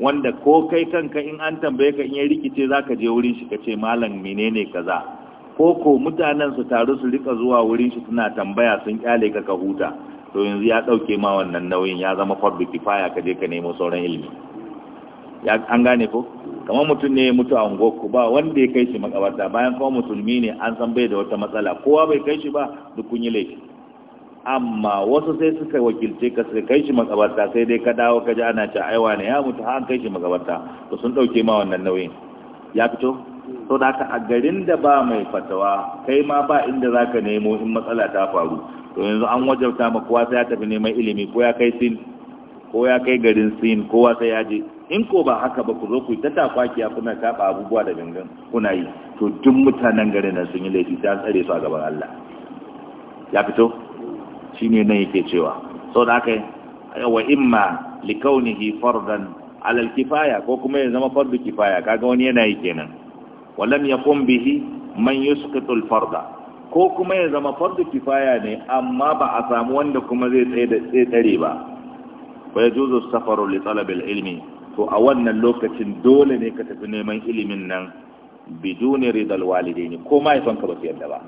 wanda ko kai kanka in an tambaye ka in ya rikice zaka je wurin shi kace malam menene kaza ko ko mutanen su taru su rika zuwa wurin shi suna tambaya sun kyale ka ka huta to yanzu ya dauke ma wannan nauyin ya zama fardu kifaya ka je ka nemo sauran ilimi ya an gane ko kamar mutum ne mutu a unguwarku ba wanda ya kai shi makabarta bayan kuma musulmi ne an san bai da wata matsala kowa bai kai shi ba duk kun yi laifi amma wasu sai suka wakilce ka sai kai shi makabarta sai dai ka dawo ka ji ana ci aiwa ne ya mutu har kai shi makabarta to sun dauke ma wannan nauyin ya fito to da a garin da ba mai fatawa kai ma ba inda zaka nemo in matsala ta faru to yanzu an wajabta ma kowa sai ya tafi neman ilimi ko ya kai sin ko ya kai garin sin kowa sai ya je in ko ba haka ba ku zo ku ta takwakiya kuna kaɓa abubuwa da gangan kuna yi to duk mutanen garin nan sun yi laifi ta tsare su a gaban Allah ya fito shine nan yake cewa saboda haka wa imma likaunihi fardan alal kifaya ko kuma ya zama fardu kifaya kaga wani yana yi kenan walam yaqum bihi man yusqitu al farda ko kuma ya zama fardu kifaya ne amma ba a samu wanda kuma zai tsaye da tsare ba wa yajuzu safaru li talab al ilmi to a wannan lokacin dole ne ka tafi neman ilimin nan biduni ridal walidaini ko mahaifanka ba su yadda ba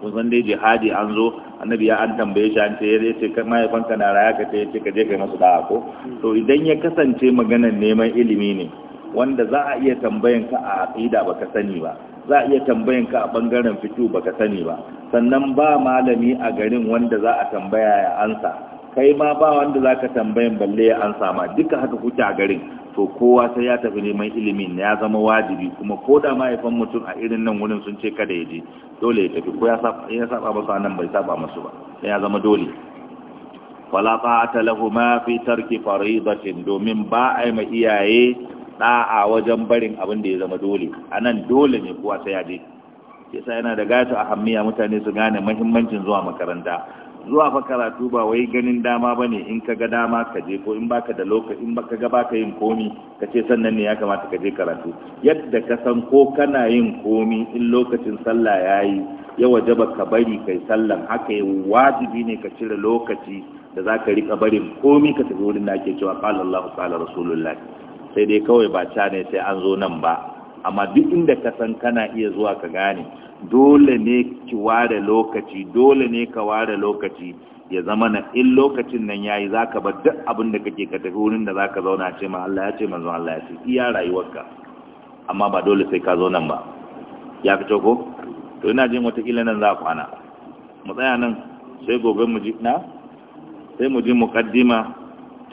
kun san dai jihadi an zo annabi ya an tambaye shi an ce ya ce mahaifanka na raya ka ce ka je kai masu da'a ko to idan ya kasance maganar neman ilimi ne wanda za a iya tambayan ka a aqida ka sani ba za a iya tambayan ka a bangaren ba ka sani ba sannan ba malami a garin wanda za a tambaya ya ansa kai ma ba wanda za ka tambayin balle ya ansa ma duka haka kuke a garin to kowa sai ya tafi neman ilimin ya zama wajibi kuma ko da mahaifan mutum a irin nan wurin sun ce kada ya je dole ya tafi ko ya saba masu a nan bai saba masu ba sai ya zama dole fala ta lahu ma fi tarki faridatin domin ba a mai iyaye a wajen barin abin da ya zama dole anan dole ne kowa sai ya je yasa yana da gata a hammiya mutane su gane muhimmancin zuwa makaranta zuwa fa karatu ba wai ganin dama ba ne in ka ga dama ka je ko in baka da lokaci in baka ga baka yin komi ka ce sannan ne ya kamata ka je karatu yadda ka san ko kana yin komi in lokacin sallah ya yi ya wajaba ka bari kai sallan haka yi wajibi ne ka cire lokaci da za ka rika barin komi ka tafi wurin da ake cewa qala Allahu ta'ala rasulullahi sai dai kawai ba ca ne sai an zo nan ba amma duk inda ka san kana iya zuwa ka gane dole ne ki ware lokaci dole ne ka ware lokaci ya zama na in lokacin nan yayi zaka bar duk abin da kake ka tafi wurin da zaka zauna ce ma Allah ya ce manzo Allah ya ce iya rayuwarka amma ba dole sai ka zo nan ba ya fito ko to ina jin wata kila nan za ku ana mu tsaya nan sai gobe mu ji na sai mu ji muqaddima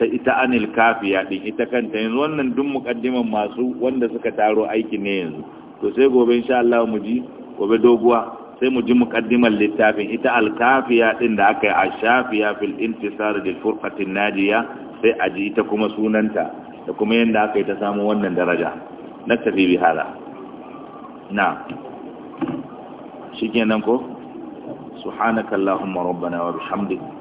ta ita anil kafiya din ita kanta yanzu wannan duk mukaddiman masu wanda suka taro aiki ne yanzu to sai gobe insha Allah mu ji gobe doguwa sai mu ji muqaddimar littafin ita alkafiya kafiya din da aka yi a shafiya fil intisar lil furqatin najiya sai a ji ita kuma sunanta da kuma yadda aka yi ta samu wannan daraja na tafi bi hada na shikenan ko subhanakallahumma rabbana wa bihamdika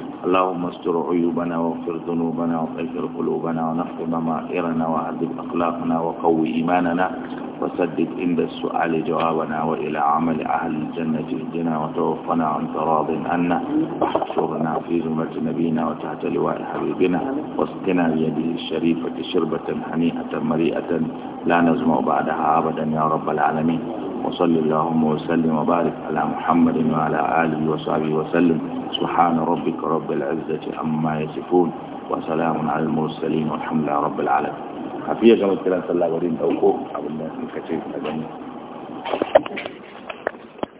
اللهم استر عيوبنا واغفر ذنوبنا وطهر قلوبنا ونفق ضمائرنا وعذب أخلاقنا وقوي إيماننا وسدد عند السؤال جوابنا وإلى عمل أهل الجنة اهدنا وتوفنا عن تراض عنا واحشرنا في زمرة نبينا وتحت لواء حبيبنا واسقنا بيده الشريفة شربة هنيئة مريئة لا نزمع بعدها أبدا يا رب العالمين وصل اللهم وسلم وبارك على محمد وعلى آله وصحبه وسلم سبحان ربك رب العزة عما يصفون وسلام على المرسلين والحمد لله رب العالمين hafiya ga mutum sallah wurin dauko abin da suka ce a gani